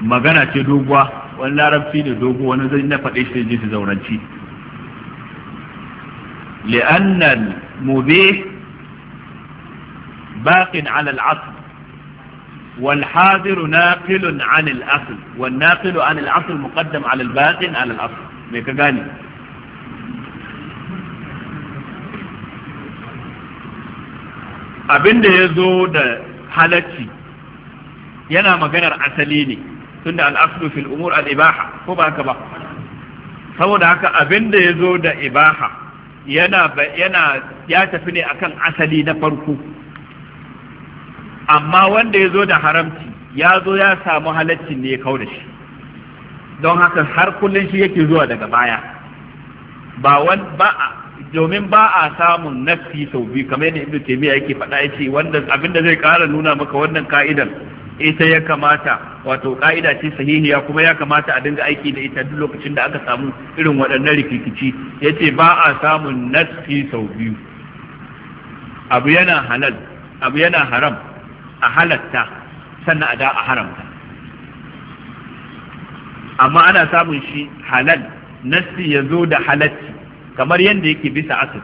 magana ce doguwa wani larabci ne dogo wani zai na faɗe shi ji su zauranci li'annan mubih باق Alal العصر والحاضر ناقل عن الأصل والناقل عن الأصل مقدم على الباق على الأصل ميكا قاني abinda ya zo da halacci yana maganar asali ne tunda al'aslu fil umur al-ibaha ko ba haka ba saboda haka abinda ya zo da ibaha yana ya tafi ne akan asali na farko amma wanda ya zo da haramci ya zo ya samu halacci ne ya kau da shi don haka har kullum shi yake zuwa daga baya ba ba domin ba a samun nafi sau biyu kamar yadda ibnu taymiya yake faɗa yace wanda da zai ƙara nuna maka wannan ka'idan ita ya kamata wato ka'ida ce sahihiya kuma ya kamata a dinga aiki da ita duk lokacin da aka samu irin waɗannan rikikici yace ba a samun nafi sau biyu abu yana halal abu yana haram a halatta sannan a da a haramta amma ana samun shi halal nassi ya zo da halatti kamar yadda yake bisa asir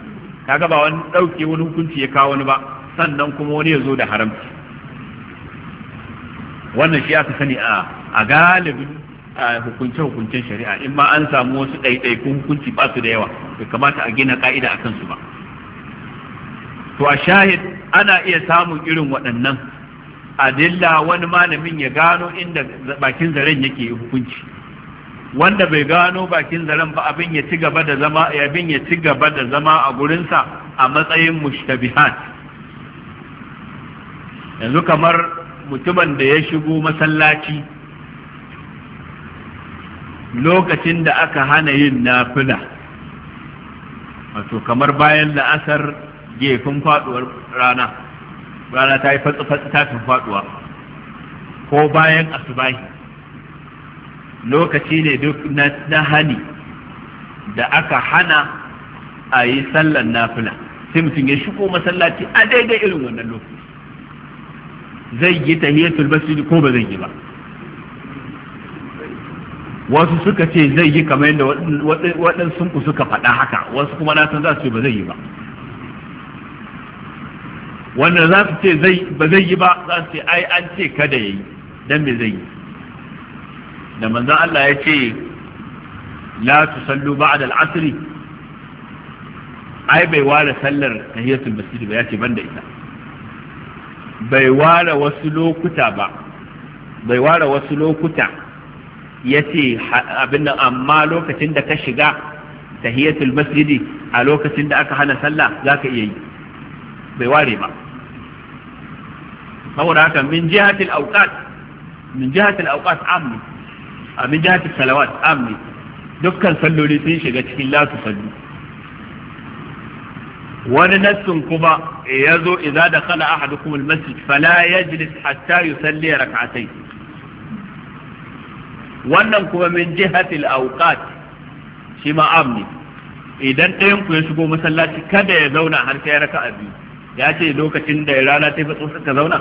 kaga ba wani ɗauke wani hukunci ya kawo wani ba sannan kuma wani ya zo da haramci wannan shi aka sani a galibin hukunce-hukuncen shari'a in ma an samu wasu ɗaiɗaikun hukunci ba su da yawa bai kamata a gina ka'ida a kansu ba to a shahid ana iya samun irin waɗannan adilla wani malamin ya gano inda bakin zaren yake hukunci wanda bai gano bakin zaren ba abin ya ci gaba da zama abin ya ci gaba da zama a gurinsa a matsayin mushtabihat yanzu kamar mutumin da ya shigo masallaci lokacin da aka hana yin nafila wato kamar bayan la'asar gefen faduwar rana rana ta yi fatsi-fatsi ta faduwa ko bayan asubahi lokaci ne duk na hani da aka hana a yi sallar nafila sai mutum ya shigo masallaci a daidai irin wannan lokaci zai yi tahiyatul masjid ko ba zai yi ba wasu suka ce zai yi kamar yadda waɗansu ku suka faɗa haka wasu kuma na san za su ce ba zai yi ba Wannan za su ce ba zai yi ba za su ce ai an ce kada ya yi don me zai yi da manzan Allah ya ce la tusallu ba'da al-asr ai bai ware sallar tahiyatul masjid ba ya ce banda ita bai ware wasu lokuta ba bai ware wasu lokuta ya ce abin amma lokacin da ka shiga tahiyatul masjidi a lokacin da aka hana sallah za ka iya yi bai ware ba saboda haka min jihatil auqat min jihatil auqat amni a min salawat am ne dukkan salloli sun shiga cikin lasu sallu wani nassin kuma eh, ya zo idza da kala ahadukum almasjid fala yajlis hatta yusalli rak'atayn wannan kuma min jihati alawqat shi ma am ne idan ɗayan ku ya shigo masallaci kada ya zauna har sai raka'a biyu ya ce lokacin da rana ta fi tsotsa ka zauna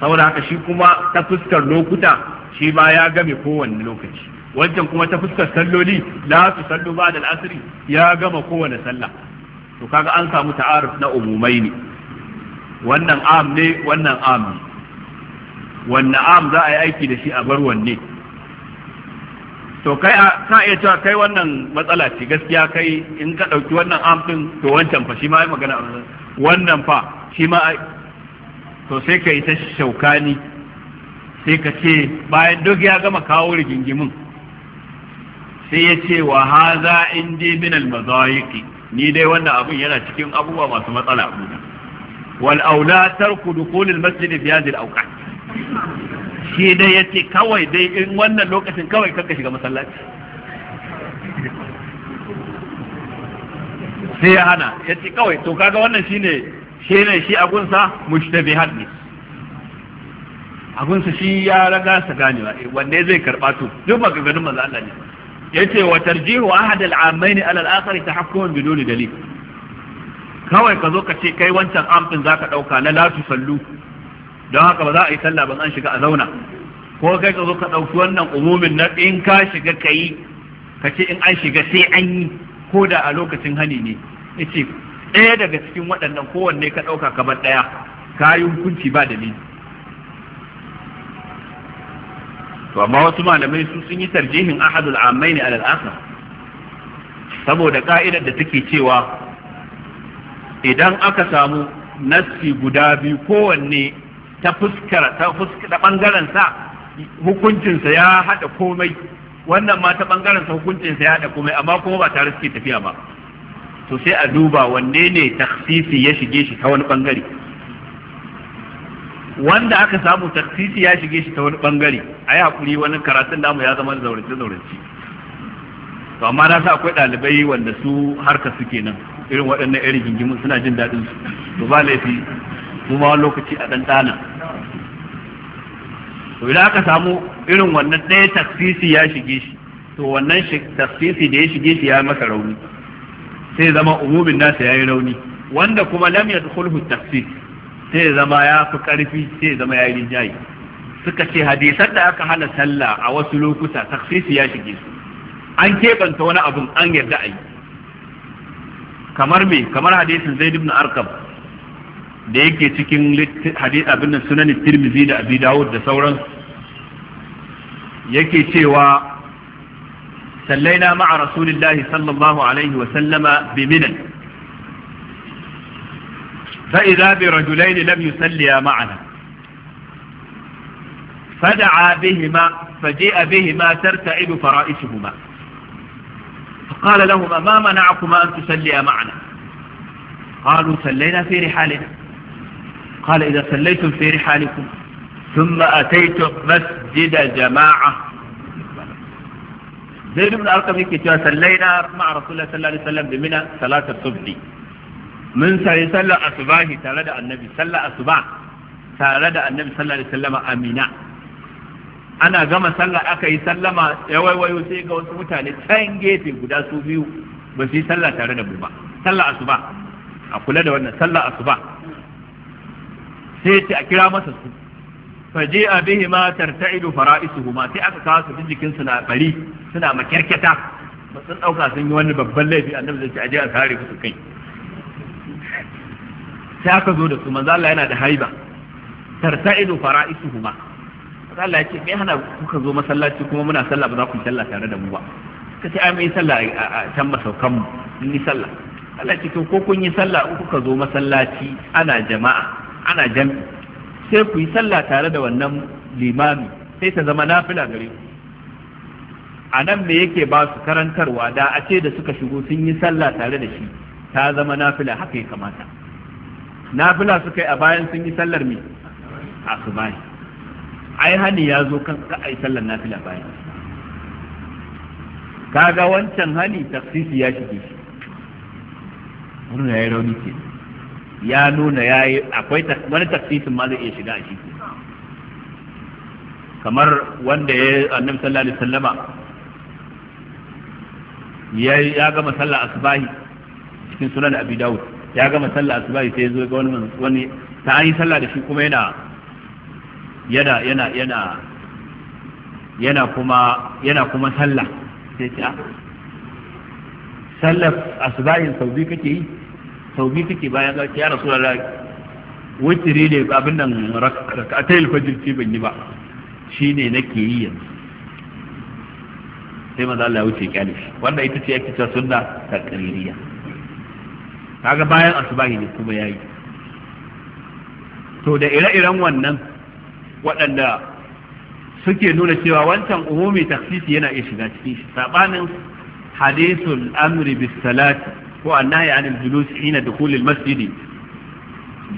saboda haka shi kuma ta fuskar lokuta shi ba ya game kowane lokaci wancan kuma ta fuskar salloli la su sallu ba da asiri ya gama kowane sallah to kaga an samu ta'aruf na umumai ne wannan am ne wannan am ne wannan am za a yi aiki da shi a bar wanne to kai ka iya cewa kai wannan matsala ce gaskiya kai in ka ɗauki wannan am ɗin to wancan fa shi ma magana wannan fa shi ma to sai ka yi ta ni, sai ka ce bayan duk ya gama kawo rigingimin sai ya ce wa haza indi min almazayiki ni dai wannan abun yana cikin abubuwa masu matsala abuna wal aula tarku dukhul almasjid fi hadhihi auka. shi dai yace kawai dai in wannan lokacin kawai kanka shiga masallaci sai ya hana yace kawai to kaga wannan shine shine shi agunsa mushtabihat ne shi ya raga sa ganewa eh, wanda zai karba to duk maganganun manzo Allah ne yace wa tarjihu ahad al-amaini ala al-akhar tahakkuman biduni dalil kawai ka zo ka ce kai wancan amfin zaka dauka na latu sallu don haka ba za a yi sallah ba an shiga a zauna ko kai ka zo ka dauki wannan umumin na in ka shiga kai ka ce in an shiga sai an yi ko da a lokacin hani ne yace ɗaya daga cikin waɗannan kowanne ka ɗauka kamar ɗaya ka yi hukunci ba ni to amma wasu malamai su sun yi tarjihin ahadul amai ne alal saboda ka'idar da take cewa idan aka samu nassi guda biyu kowanne ta fuskar ta fuskar bangaren sa hukuncinsa ya hada komai wannan ma ta bangaren sa hukuncinsa ya hada komai amma kuma ba tare suke tafiya ba to sai a duba wanne ne taksisi ya shige shi ta wani bangare wanda aka samu taksisi ya shige shi ta wani bangare a yi hakuri wani karatun namu ya zama zaurace zaurace to amma na sa akwai ɗalibai wanda su harka suke nan irin waɗannan irin gingimin suna jin daɗin su to ba laifi mu ma lokaci a ɗan ɗana to idan aka samu irin wannan ɗaya taksisi ya shige shi to wannan taksisi da ya shige shi ya masa rauni sai zama umumin nasa yayi rauni wanda kuma lam ya yadkhulhu tafsir sai zama ya fi karfi sai zama yayi rinjayi suka ce hadisan da aka hana sallah a wasu lokuta su ya shige su an keɓanta wani abun an yarda a yi kamar me kamar hadisin zaid ibn arqam da yake cikin hadis abin sunan tirmidhi da abi dawud da sauran yake cewa صلينا مع رسول الله صلى الله عليه وسلم بمنى فإذا برجلين لم يسليا معنا فدعا بهما فجيء بهما ترتعد فرائسهما فقال لهما ما منعكما أن تسليا معنا قالوا سلينا في رحالنا قال إذا سليتم في رحالكم ثم أتيتم مسجد جماعة zaid ibn arqam yake cewa sallaina ma'a rasulullahi sallallahu alaihi wasallam bi mina salata subhi mun sai sallar asubahi tare da annabi sallar asuba tare da annabi sallallahu alaihi wasallam amina ana gama sallah aka yi sallama ya waiwayo sai ga wasu mutane can gefe guda su biyu ba su yi tare da mu ba asuba a kula da wannan asuba sai a kira masa faje a bihi ma tarta'idu fara'isuhu ma sai aka kawo su jikin na bari suna makyarkyata ba sun dauka sun yi wani babban laifi annabi zai ce aje a kare su kai sai aka zo da su manzo Allah yana da haiba tarta'idu fara'isuhu ma manzo Allah yake me hana kuka zo masallaci kuma muna sallah ba za ku yi sallah tare da mu ba ka ce ai mai sallah a can masaukan mu in yi sallah Allah ya ce to ko kun yi sallah kuka zo masallaci ana jama'a ana jami'a sai ku yi sallah tare da wannan limami sai ta zama nafila gare ku a nan me yake ba su karantarwa da a ce da suka shigo sun yi sallah tare da shi ta zama nafila haka ya kamata nafila suka yi a bayan sun yi sallar me asubahi ai hani ya zo kan ka yi sallar nafila bayan kaga wancan hani taksisi ya shige shi wannan yi rauni kenan ya nuna ya yi akwai wani tafsirin ma zai iya shiga a ciki kamar wanda ya yi annabi sallallahu alaihi wasallama ya ya gama sallar asbahi cikin sunan abi dawud ya gama sallar asbahi sai ya zo ga wani wani ta yi salla da shi kuma yana yana yana yana yana kuma yana kuma sallah sai ta ah, sallar asbahin sau biyu kake yi sau biyu kake bayan ka ya rasu da witiri ne abin nan tayil fajir ce ban yi ba shine ke yi yanzu sai maza Allah ya wuce kyali wannan ita ce ake cewa sunna ta kaririya kaga bayan asubahi ne kuma yayi to da ire-iren wannan waɗanda suke nuna cewa wancan umumi taksisi yana iya shiga cikin shi sabanin hadisul amri bis salati ko annahi anil julus hina al masjid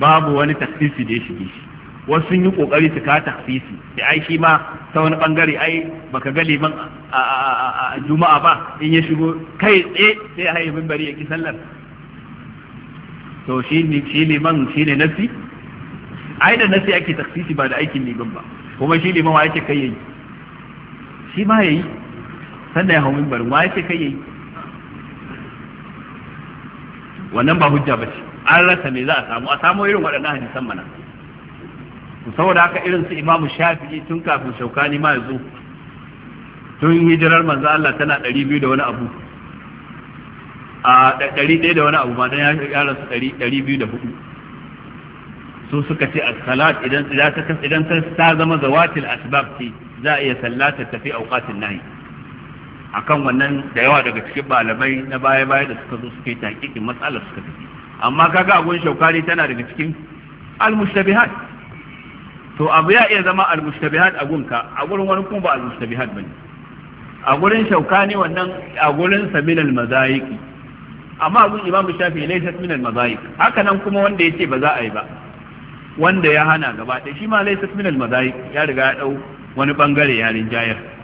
babu wani takhsisi da ya shige shi wasu sun yi kokari su ka takhsisi sai ai shi ma ta wani bangare ai baka ga liman a juma'a ba in ya shigo kai tsaye sai ya haye bari ya ki sallar to shi ne shi liman shi ne nafsi ai da nafsi ake takhsisi ba da aikin liman ba kuma shi liman wa yake kai yayi shi ma yayi sannan ya hau minbar wa yake kai yayi wannan ba hujja ba ce an rasa me za a samu a samu irin waɗannan hadisan mana saboda haka irin su imamu shafi'i tun kafin shaukani ma ya zo tun hijirar manzo Allah tana ɗari biyu da wani abu a ɗari ɗaya da wani abu ba don ya rasu ɗari biyu da hudu su suka ce a salat idan ta zama zawatil asbab ce za a iya sallata tafi auqatin nahi akan wannan da yawa daga cikin malamai na baya-baya da suka zo suka yi takikin matsalar suka tafi amma kaga abun shaukari tana daga cikin al-mustabihat to abu ya iya zama al-mustabihat a gunka a gurin wani kuma ba al-mustabihat bane a gurin shaukani wannan a gurin sabilal mazayiki amma abun imam shafi sai min al mazayik haka nan kuma wanda yace ba za a yi ba wanda ya hana gaba ɗaya shi ma laysat min al mazayik ya riga ya dau wani bangare ya rinjayar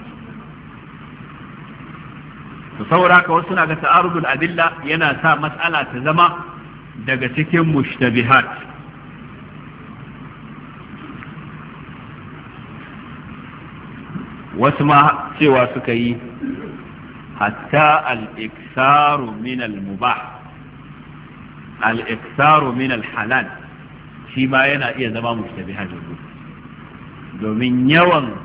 to saboda wasu na ga ta'arudul adilla yana sa mas'ala ta zama daga cikin mushtabihat wasu ma cewa suka yi hatta al-iksaru min al-mubah al-iksaru min al-halal shi ma yana iya zama mushtabihat domin yawan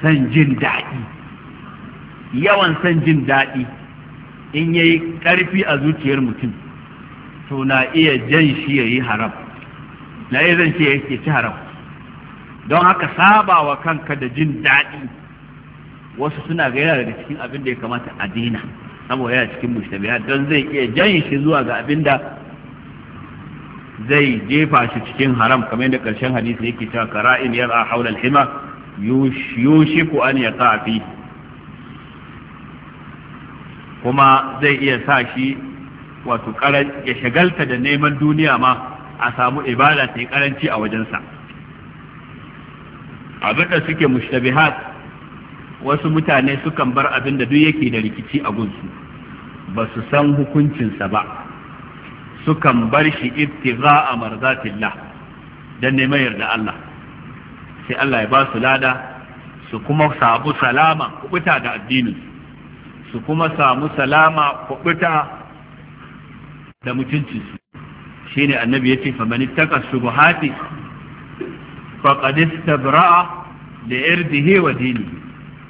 san jin daɗi yawan san jin daɗi in ya yi ƙarfi a zuciyar mutum to na iya jan shi ya yi haram na iya zan ce ya ci haram don haka saba wa kanka da jin daɗi wasu suna ga yana daga cikin abin da ya kamata a dina saboda yana cikin mushtabiya don zai iya jan shi zuwa ga abin da zai jefa shi cikin haram kamar yadda ƙarshen hadisi yake cewa kara'in yar'a haula al-hima yushiku an yata'a fihi kuma zai iya sa shi wato ya shagalta da neman duniya ma a samu ibada ta yi karanci a wajensa abin da suke mushtabihat wasu mutane sukan bar abin da duk yake da rikici a gunsu ba su san hukuncinsa ba sukan bar shi ibtigha a marzatillah don neman yarda Allah sai Allah ya ba su lada su kuma sabu salama kubuta da addinin su kuma samu salama kubuta da mutunci shine annabi yace faman ittaka shubuhati faqad istabra'a li irdihi wa dini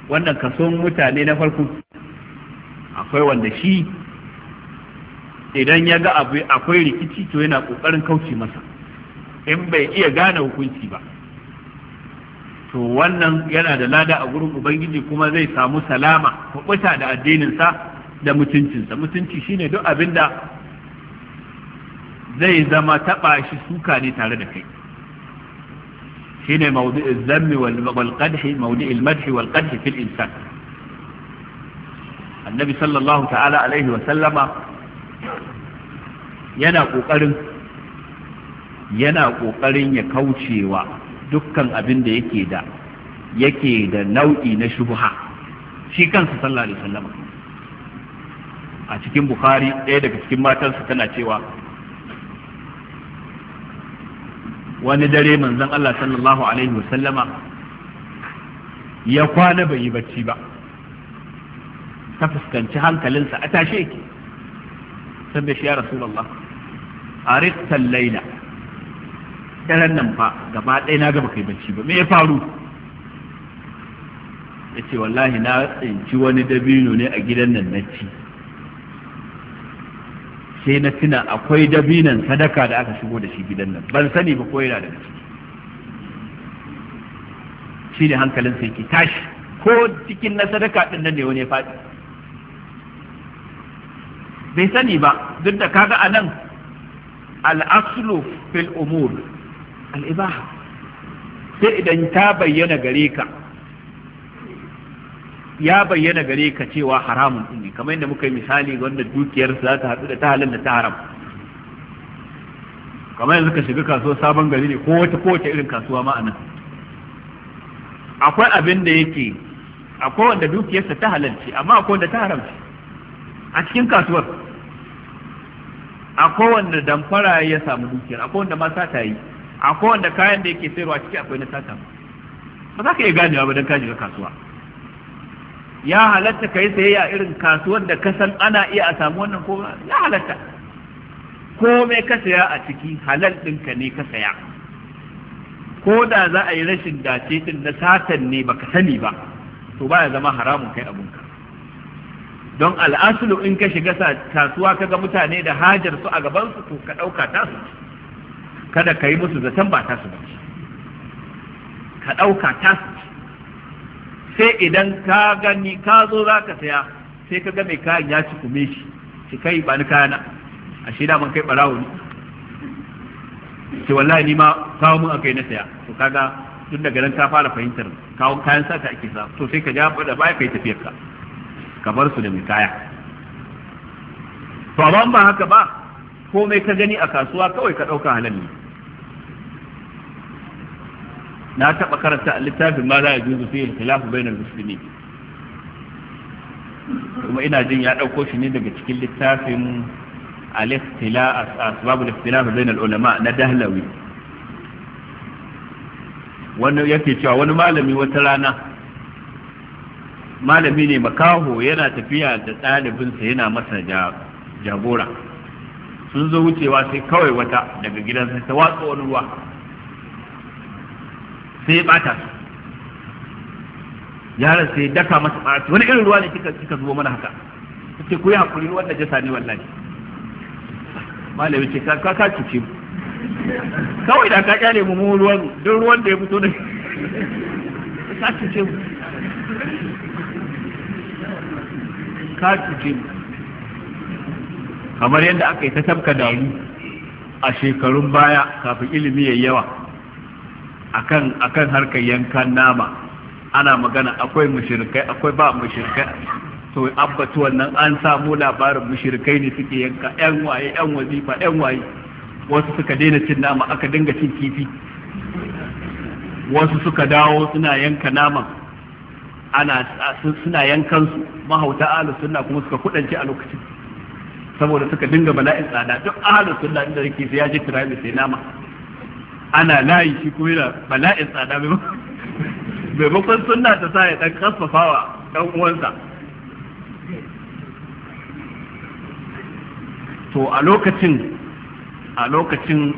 wannan kason mutane na farko akwai wanda shi idan ya ga abu akwai rikici to yana ƙoƙarin kauce masa in bai iya gane hukunci ba to wannan yana da lada a gurin ubangiji kuma zai samu salama kuɓuta da addininsa da mutuncinsa mutunci shine duk abin da zai zama taɓa shi suka ne tare da kai shine mawdu'i zammi wal qadhi mawdu'i al madhi wal qadhi fil insan annabi sallallahu ta'ala alaihi wa sallama yana kokarin yana kokarin ya kaucewa dukkan abin da yake da yake da nau'i na shubha shi kansa sallallahu alaihi wasallam a cikin bukhari ɗaya daga cikin matansa tana cewa wani dare manzon Allah sallallahu alaihi wasallama ya kwana bai yi bacci ba ta fuskanci hankalinsa a tashe ki sabbe shi ya rasulullah arifta laila daren nan fa gaba ɗaya na gaba kai bacci ba me ya faru ya ce wallahi na tsinci wani dabino ne a gidan nan na ci sai na tuna akwai dabinan sadaka da aka shigo da shi gidan nan ban sani ba ko yana da ciki shi ne hankalin sai ki tashi ko cikin na sadaka din nan ne wani ya faɗi bai sani ba duk da kaga a nan al'aslu fil umur al'ibaha sai idan ta bayyana gare ka ya bayyana gare ka cewa haramun ɗin ne kamar yadda muka yi misali wanda dukiyar za ta haɗu da ta halin da ta haram kamar yanzu ka shiga kasuwa sabon gari ne ko wata kowace irin kasuwa ma'ana akwai abin da yake akwai wanda dukiyarsa ta halalci amma akwai wanda ta haramci a cikin kasuwar akwai wanda damfara ya samu dukiyar akwai wanda ma sata yi a kowanne kayan da yake sayarwa ciki akwai na sata ba za ka iya ganewa ba don ka ga kasuwa ya halatta ka yi sayayya irin kasuwar da ka san ana iya a samu wannan ko ya halatta Ko mai ka saya a ciki halal ɗinka ne ka saya ko da za a yi rashin dace ɗin na satan ne ba ka sani ba to baya zama haramun kai abunka don al'asulu in ka shiga kasuwa ka ga mutane da hajar su a gaban su to ka ɗauka tasu kada ka yi musu zaton ba tasu ba ka ɗauka tasu sai idan ka gani ka zo za ka saya sai ka ga mai kayan ya ci kume shi shi kai ba ni kayana a shi da man kai ɓarawo ne ce wallahi ni ma kawo mun akai na saya to kaga tun daga nan ka fara fahimtar kawo kayan sa ka ake sa to sai ka ja da baya kai tafiyar ka ka bar su da mai kaya to amma ba haka ba komai ka gani a kasuwa kawai ka ɗauka halal ne na taɓa karanta a littafin ma za ya juzu fiye khilafu bainal musulmi kuma ina jin ya ɗauko shi ne daga cikin littafin asbabu da ikhtilaf bain al-ulama na dahlawi wani yake cewa wani malami wata rana malami ne makaho yana tafiya da ɗalibinsa yana masa jagora sun zo wucewa sai kawai wata daga gidansa ta watsa wani ruwa sai ya bata su yaron sai daka masa bata wani irin ruwa ne kika kika zuwa mana haka kace ku yi hakuri ruwan najasa ne wallahi malami ce ka ka cuce mu kawai da ka kyale mu mu ruwan duk ruwan da ya fito da
ka cuce mu ka cuce mu
kamar yadda aka yi ta tabka damu a shekarun baya kafin ilimi yayi yawa akan akan harkar yankan nama ana magana akwai mushrikai akwai ba mushrikai to abbatu wannan an samu labarin mushrikai ne suke yanka yan waye yan wazifa yan waye wasu suka daina cin nama aka dinga cin kifi wasu suka dawo suna yanka nama ana suna yankan su mahauta ahlu sunna kuma suka kudance a lokacin saboda suka dinga bala'in tsada duk ahlu sunna inda yake sai ya ji tirabi sai nama ana layi shi kuma yana bala'in tsada maimakon suna ta sa ya ɗan kasfafawa ɗan uwansa to a lokacin a lokacin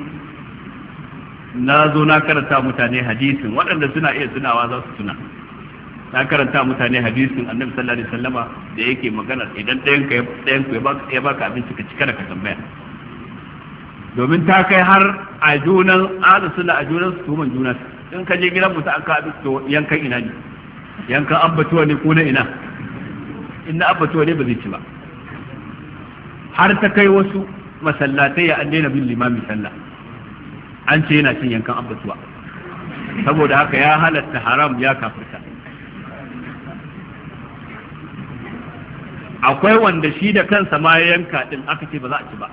na zo na karanta mutane hadisin waɗanda suna iya tunawa za su tuna na karanta mutane hadisin annabi sallallahu alaihi wasallama da yake magana idan ɗayan ka ya baka abinci ka cika da ka tambaya domin ta kai har a junan ana suna a junan su tuman juna in ka je gidan an aka haɗu to yankan ina ne yankan abbatuwa ne ko na ina inda abbatuwa ne ba zai ci ba har ta kai wasu masallatai ya an daina bin limami sallah an ce yana cin yankan abbatuwa saboda haka ya halatta haram ya kafirta akwai wanda shi da kansa ma ya yanka din aka ce ba za a ci ba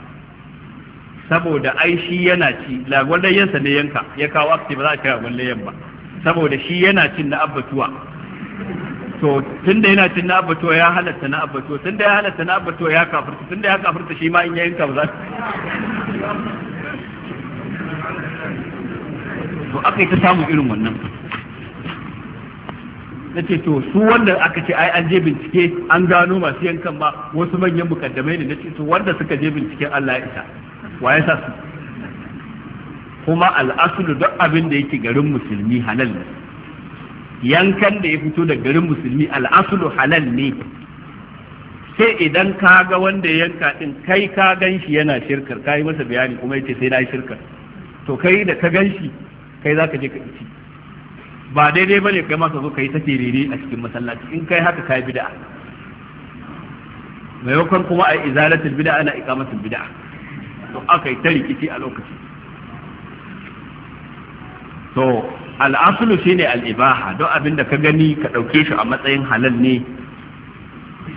saboda ai shi yana ci lagon layyansa ne yanka ya kawo akti ba za a ci lagon ba saboda shi yana cin na abbatuwa to tunda yana cin na abbatuwa ya halatta na abbatuwa tunda ya halatta na abbatuwa ya kafirta tunda ya kafirta shi ma in ya yanka ba za
to aka yi ta samun irin wannan
na ce to su wanda aka ce ai an je bincike an gano masu yankan ba wasu manyan mukaddamai ne na ce to wanda suka je binciken Allah ya isa waye sa su kuma al'asulu duk abin da yake garin musulmi halal ne yankan da ya fito da garin musulmi al'asulu halal ne sai idan ka ga wanda ya yanka din kai ka gan shi yana shirkar ka yi masa bayani kuma yace sai na yi shirkar to kai da ka gan shi kai za ka je ka ci ba daidai bane kai masa zo kai take rere a cikin masallaci in kai haka kai bid'a maimakon kuma a izalatul bid'a ana iqamatul bid'a to aka yi ta rikici a lokaci to al'asulu ne al'ibaha don abin da ka gani ka ɗauke shi a matsayin halal ne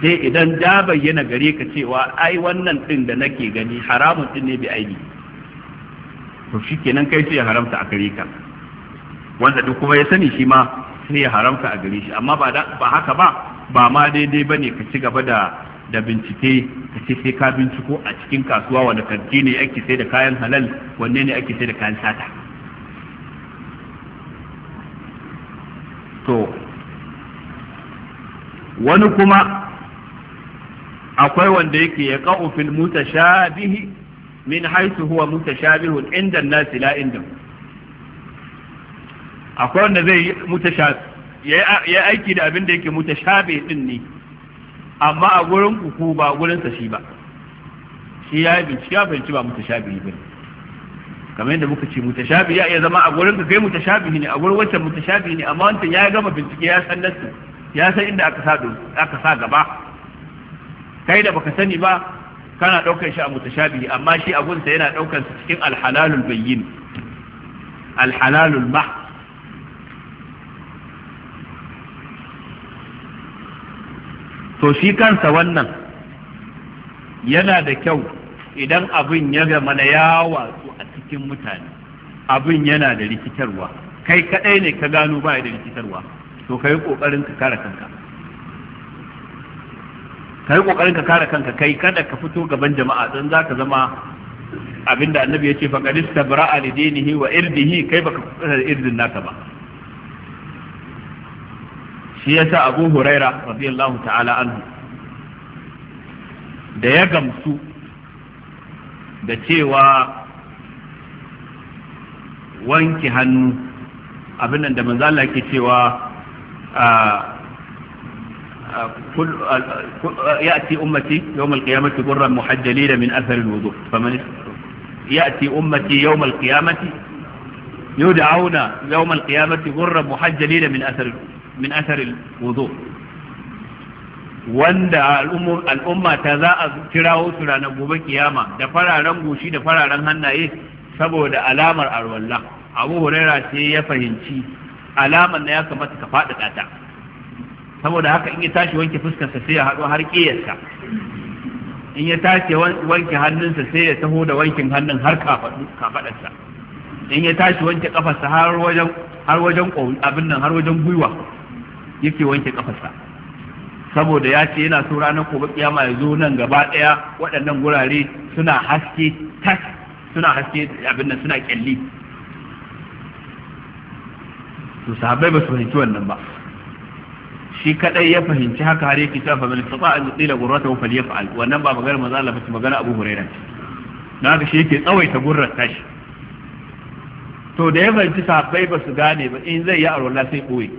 sai idan da bayyana gare ka cewa ai wannan ɗin da nake gani haramun ɗin ne bi aini to shi kenan kai sai ya haramta a gare ka wanda duk kuma ya sani shi ma sai ya haramta a gare shi amma ba haka ba ba ma daidai ba ne ka ci gaba da bincike ka ce sai ka binciko a cikin kasuwa wanda kanti ne ake sai da kayan halal wanne ne ake sai da kayan sata to wani kuma akwai wanda yake ya ƙa'u fil bihi min haisu huwa bihu inda nasi sila inda akwai wanda zai yi aiki da abin da yake mutashabi din ne amma a gurin ku ba gurin sa shi ba shi ya yi shi ya fahimci ba mutashabihi ne kamar yadda muka ce mutashabihi ya iya zama a gurin ka kai mutashabihi ne a gurin wancan mutashabihi ne amma wancan ya gama bincike ya san nasu ya san inda aka sa gaba kai da baka sani ba kana daukar shi a mutashabihi amma shi a gunsa yana daukar cikin alhalalul bayyin alhalalul mahd So shi kansa wannan yana da kyau idan abin ya zama na yawa a cikin mutane abin yana da rikitarwa kai kadai ne ka gano ba da rikitarwa to ka yi kokarin ka kare kanka ka yi kokarin ka kare kanka kai kada ka fito gaban jama'a don za ka zama abinda annabi ya ce faqad istabra'a li dinihi wa irdihi kai baka irdin naka ba shi ya abu huraira radiyallahu ta'ala anhu da ya gamsu da cewa wanke hannu abin da manzala ke cewa ya'ti ummati yawm al-qiyamati burran muhajjalina min athar al-wudu faman ya'ti ummati yawm al-qiyamati yud'auna yawm al-qiyamati burran muhajjalina min athar min asarin الوضوء wanda al'umma ta za a kirawo su ranar gobe kiyama da fararen goshi da fararen hannaye saboda alamar arwallah abu huraira sai ya fahimci alamar na ya kamata ka faɗi ta saboda haka in ya tashi wanke fuskarsa sai ya haɗu har ƙiyarsa in ya tashi wanke hannunsa sai ya taho da wankin hannun har kafaɗarsa in ya tashi wanke ƙafarsa har wajen har wajen abin nan har wajen gwiwa yake wanke kafarsa saboda ya ce yana so ranar gobe kiyama ya zo nan gaba daya waɗannan gurare suna haske tas suna haske abin nan suna kyalli to sahabbai ba su fahimci wannan ba shi kadai ya fahimci haka har yake cewa fa man an yudila gurrata fa liyaf'al wannan ba magana maza Allah ba magana Abu Hurairah na ga shi yake tsawaita gurrar tashi to da ya fahimci sahabbai ba su gane ba in zai yi arwala sai boye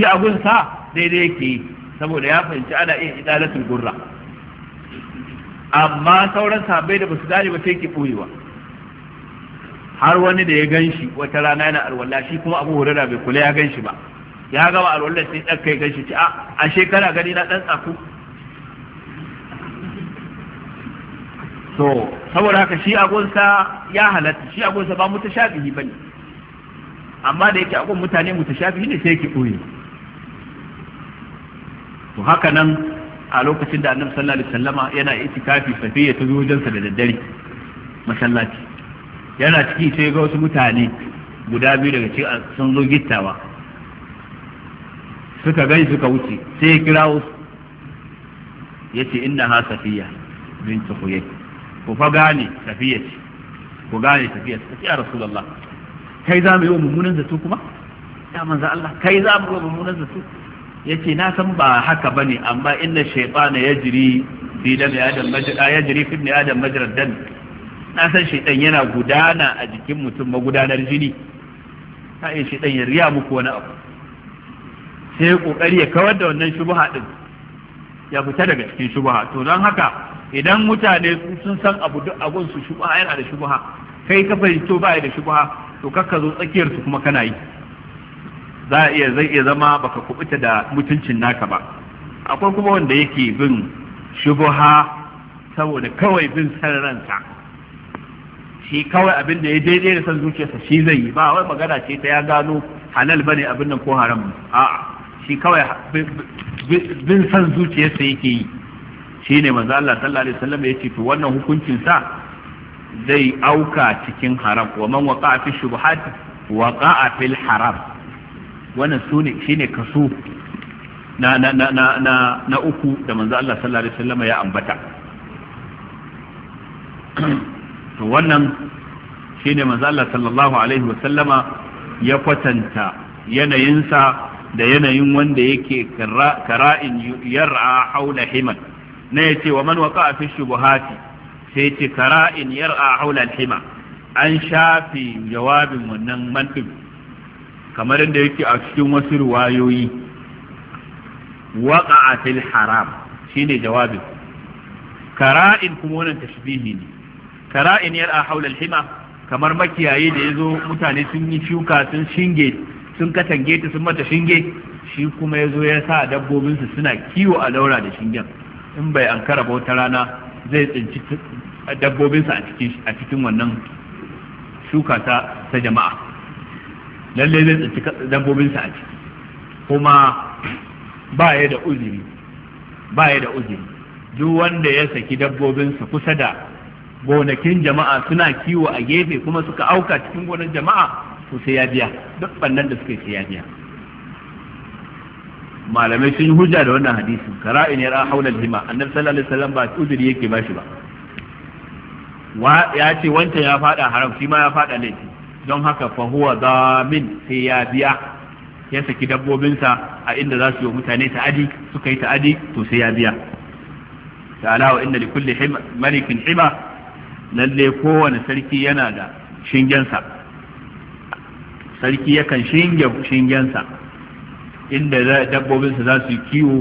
shi a sa daidai yake yi saboda ya fahimci ana iya idalatul gurra amma sauran sabai da basu dace ba sai ke boyewa har wani da ya gan shi wata rana yana alwala shi kuma abu hurara bai kula ya gan shi ba ya gama alwala sai dan kai gan shi ci a shekara gani na dan tsaku so saboda haka shi agonsa ya halatta shi agonsa ba mutashabihi bane amma da yake agon mutane mutashabihi ne sai ki ɓoye. to haka nan a lokacin da annabi sallallahu alaihi wasallama yana itikafi safiya ta zo wajensa da daddare masallaci yana ciki sai ga wasu mutane guda biyu daga cikin sun zo gittawa suka gani suka wuce sai ya kira wasu ya ce inna ha safiya bin tuhuye ku fa gane safiya ce ku gane safiya ce ya rasulullah kai za mu yi wa mummunan zato kuma
ya manzo Allah kai za mu yi wa mummunan zato
yake na san ba haka bane amma inna shaytana yajri fi dami adam majra yajri fi ibni adam majra dam na san shaytan yana gudana a jikin mutum magudanar jini ta yi shaytan ya riya muku wani abu sai kokari ya kawar da wannan shubha din ya fita daga cikin shubha to don haka idan mutane sun san abu duk abun su shubha yana da shubha kai ka fahimto ba da shubha to kakka zo tsakiyar su kuma kana yi za a iya zai iya zama baka kubuta da mutuncin naka ba akwai kuma wanda yake bin shubuha saboda kawai bin san ranta shi kawai abin da ya daidai da san zuciyarsa shi zai yi ba wai magana ce ta ya gano halal bane abin nan ko haram a'a shi kawai bin san zuciyarsa yake yi ne manzo Allah sallallahu alaihi wasallam ya ce to wannan hukuncin sa zai auka cikin haram wa man waqa'a fi shubuhat a fil haram wannan su ne shine kaso na uku da manzo Allah sallallahu alaihi wasallam ya ambata to wannan shine manzo Allah sallallahu alaihi wasallama ya kwatanta yanayinsa da yanayin wanda yake kara'in yar'a haula himan na ya ce wa man waqa'a fi shubuhati sai yace kara'in yar'a haula hima an shafi jawabin wannan man din kamar yadda yake a cikin wasu ruwayoyi a fil haram shi ne jawabin kara'in kuma wannan tashbihi ne kara'in yar a al-hima kamar makiyayi da yazo mutane sun yi shuka sun shinge sun katange ta sun mata shinge shi kuma yazo ya sa dabbobin suna kiwo a laura da shingen in bai ankara ba wata rana zai tsinci dabbobinsu a cikin wannan shuka ta jama'a lalle zai tsinci dabbobinsa a ciki kuma ba ya da uzuri ba ya da uzuri duk wanda ya saki dabbobinsa kusa da gonakin jama'a suna kiwo a gefe kuma suka auka cikin gonar jama'a to sai ya biya duk bannan da suka sai ya biya malamai sun yi hujja da wannan hadisin kara'in yara haulal hima annabi sallallahu alaihi wasallam ba uzuri yake bashi ba ya ce wancan ya fada haram shi ma ya fada laifi don haka fahuwa za min sai ya biya ya saki dabbobinsa a inda za su yi mutane ta'adi suka yi ta'adi to sai ya biya ta'ala wa inna likulli malikin hima lalle kowane sarki yana da shingensa sarki yakan shinge shingensa inda dabbobinsa za su yi kiwo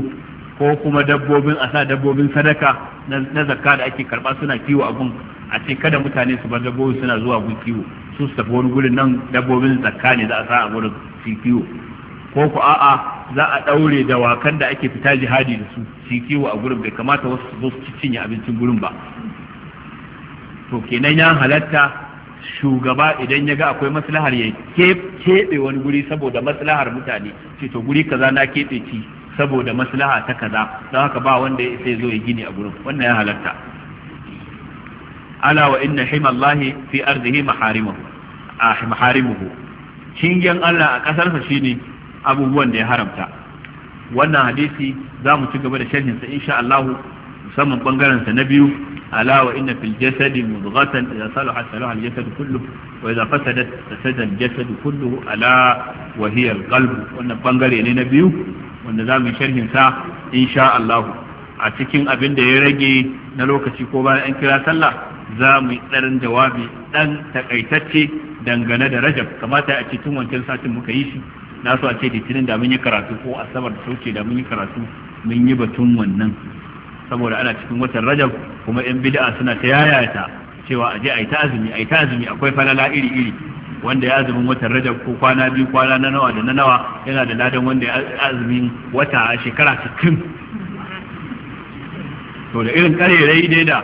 ko kuma dabbobin a sa dabbobin sadaka na zakka da ake karba suna kiwo a gun a ce kada mutane su bar dabbobin suna zuwa gun kiwo su su tafi wani gurin nan dabbobin zakka ne za a sa a gurin su ko ku a'a za a daure dawakan da ake fita jihadi da su su a gurin bai kamata wasu su zo su cinye abincin gurin ba to kenan ya halatta shugaba idan ya ga akwai maslahar ya keɓe wani guri saboda maslahar mutane ce to guri kaza na keɓe ci saboda maslaha ta kaza don haka ba wanda ya sai zo ya gini a gurin wannan ya halatta ala wa inna himallahi fi ardihi maharimahu a ah, maharimuhu shingen Allah a kasarsa shine abubuwan da ya haramta wannan hadisi za mu ci gaba da sharhin sa insha Allah musamman bangaren sa na biyu ala wa inna fil jasadi mudghatan idza salaha salaha al jasad kullu wa idza fasadat fasada al jasad kullu ala wa hiya al qalb wannan bangare ne na biyu wanda za mu yi sharhin sa insha Allah a cikin abin da ya rage na lokaci ko bayan an kira sallah za mu yi ɗarin jawabi ɗan takaitacce dangane da rajab kamata a cikin wancan satin muka yi shi na so a ce litinin da mun yi karatu ko asabar da sauce da mun yi karatu mun yi batun wannan saboda ana cikin watan rajab kuma yan bid'a suna ta yayata cewa a je a yi ta azumi a yi ta azumi akwai falala iri iri wanda ya azumin watan rajab ko kwana biyu kwana na nawa da na nawa yana da ladan wanda ya azumin wata a shekara cikin. to da irin karerai dai da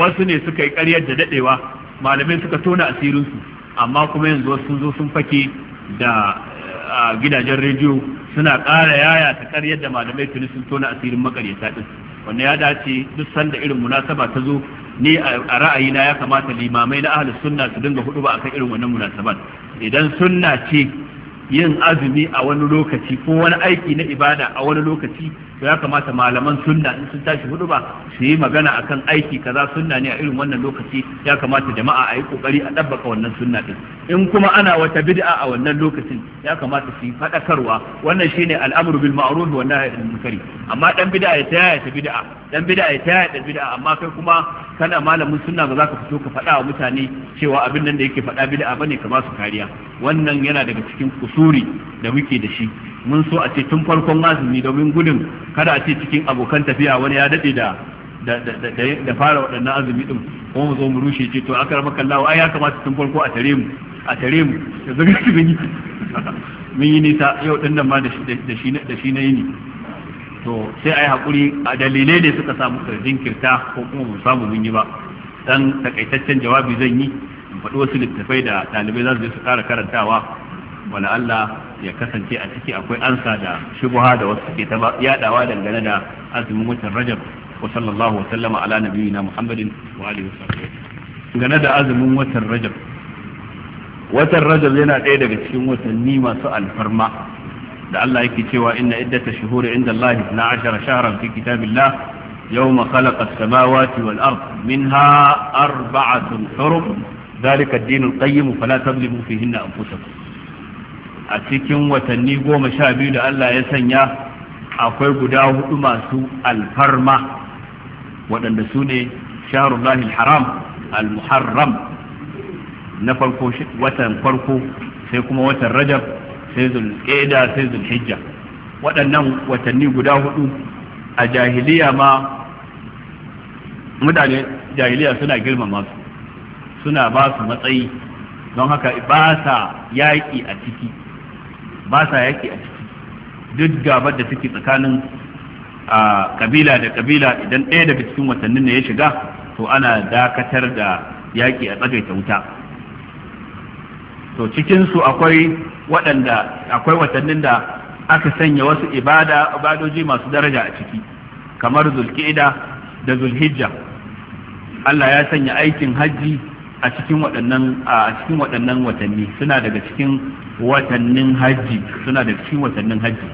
wasu ne suka yi karyar da dadewa malamin suka tona asirinsu amma kuma yanzu sun zo sun fake da gidajen rediyo suna ƙara yaya ta karyar da malamai tuni sun tona asirin makaryata din wanda ya dace duk sanda irin munasaba ta zo ni a ra'ayina ya kamata limamai na ahlus sunna su dinga hudu ba akan irin wannan munasaban idan sunna ce yin azumi a wani lokaci ko wani aiki na ibada a wani lokaci to ya kamata malaman sunna in sun tashi hudu ba su yi magana akan aiki kaza sunna ne a irin wannan lokaci ya kamata jama'a a yi kokari a dabbaka wannan sunna din in kuma ana wata bid'a a wannan lokacin ya kamata su yi fadakarwa wannan shine al'amru bil ma'ruf wa nahy anil munkari amma dan bid'a ya taya ta bid'a dan bid'a ya taya ta bid'a amma kai kuma kana malamin sunna ba za ka fito ka fada wa mutane cewa abin nan da yake fada bid'a bane ka su kariya wannan yana daga cikin kusur suri da muke da shi mun so a ce tun farkon azumi domin gudun kada a ce cikin abokan tafiya wani ya dade da da fara waɗannan azumi ɗin kuma mu zo mu rushe ce to aka rama kallawa ai ya kamata tun farko a tare mu a tare mu da zaga su mun yi mun yi nisa yau ɗin nan ma da shi na yini to sai a yi haƙuri a dalilai ne suka samu kirta ko kuma mu samu mun yi ba dan takaitaccen jawabi zan yi in faɗi wasu littattafai da ɗalibai za su je su ƙara karantawa wani Allah ya kasance a ciki akwai ansa da shubuha da wasu suke ta yadawa dangane da azumin watan Rajab wa sallallahu wa sallama ala nabiyyina Muhammadin wa alihi dangane da azumin watan Rajab watan Rajab yana ɗaya daga cikin watanni masu alfarma da Allah yake cewa inna iddata shuhuri inda Allah 12 shahran fi kitabillah يوم خلق السماوات والأرض منها أربعة حرم ذلك الدين القيم فلا تظلموا فيهن أنفسكم a cikin watanni goma sha biyu da Allah ya sanya akwai guda hudu masu alfarma waɗanda su ne shaharullahi haram al-muharram na farko watan farko sai kuma watan rajab sai zulqa'da sai zulhijja waɗannan watanni guda hudu a jahiliya ma mutane jahiliya suna girmama su suna ba su matsayi don haka ba sa yaƙi a ciki ba sa yaki a ciki duk gabar da take tsakanin a kabila da kabila idan ɗaya daga cikin watannin ne ya shiga to ana dakatar da yaƙi a tsagaita wuta to cikinsu akwai waɗanda akwai watannin da aka sanya wasu ibada ibadoji masu daraja a ciki kamar zulkida da zulhijja Allah ya sanya aikin hajji a cikin waɗannan a cikin waɗannan watanni suna daga cikin watannin hajji suna daga cikin watannin hajji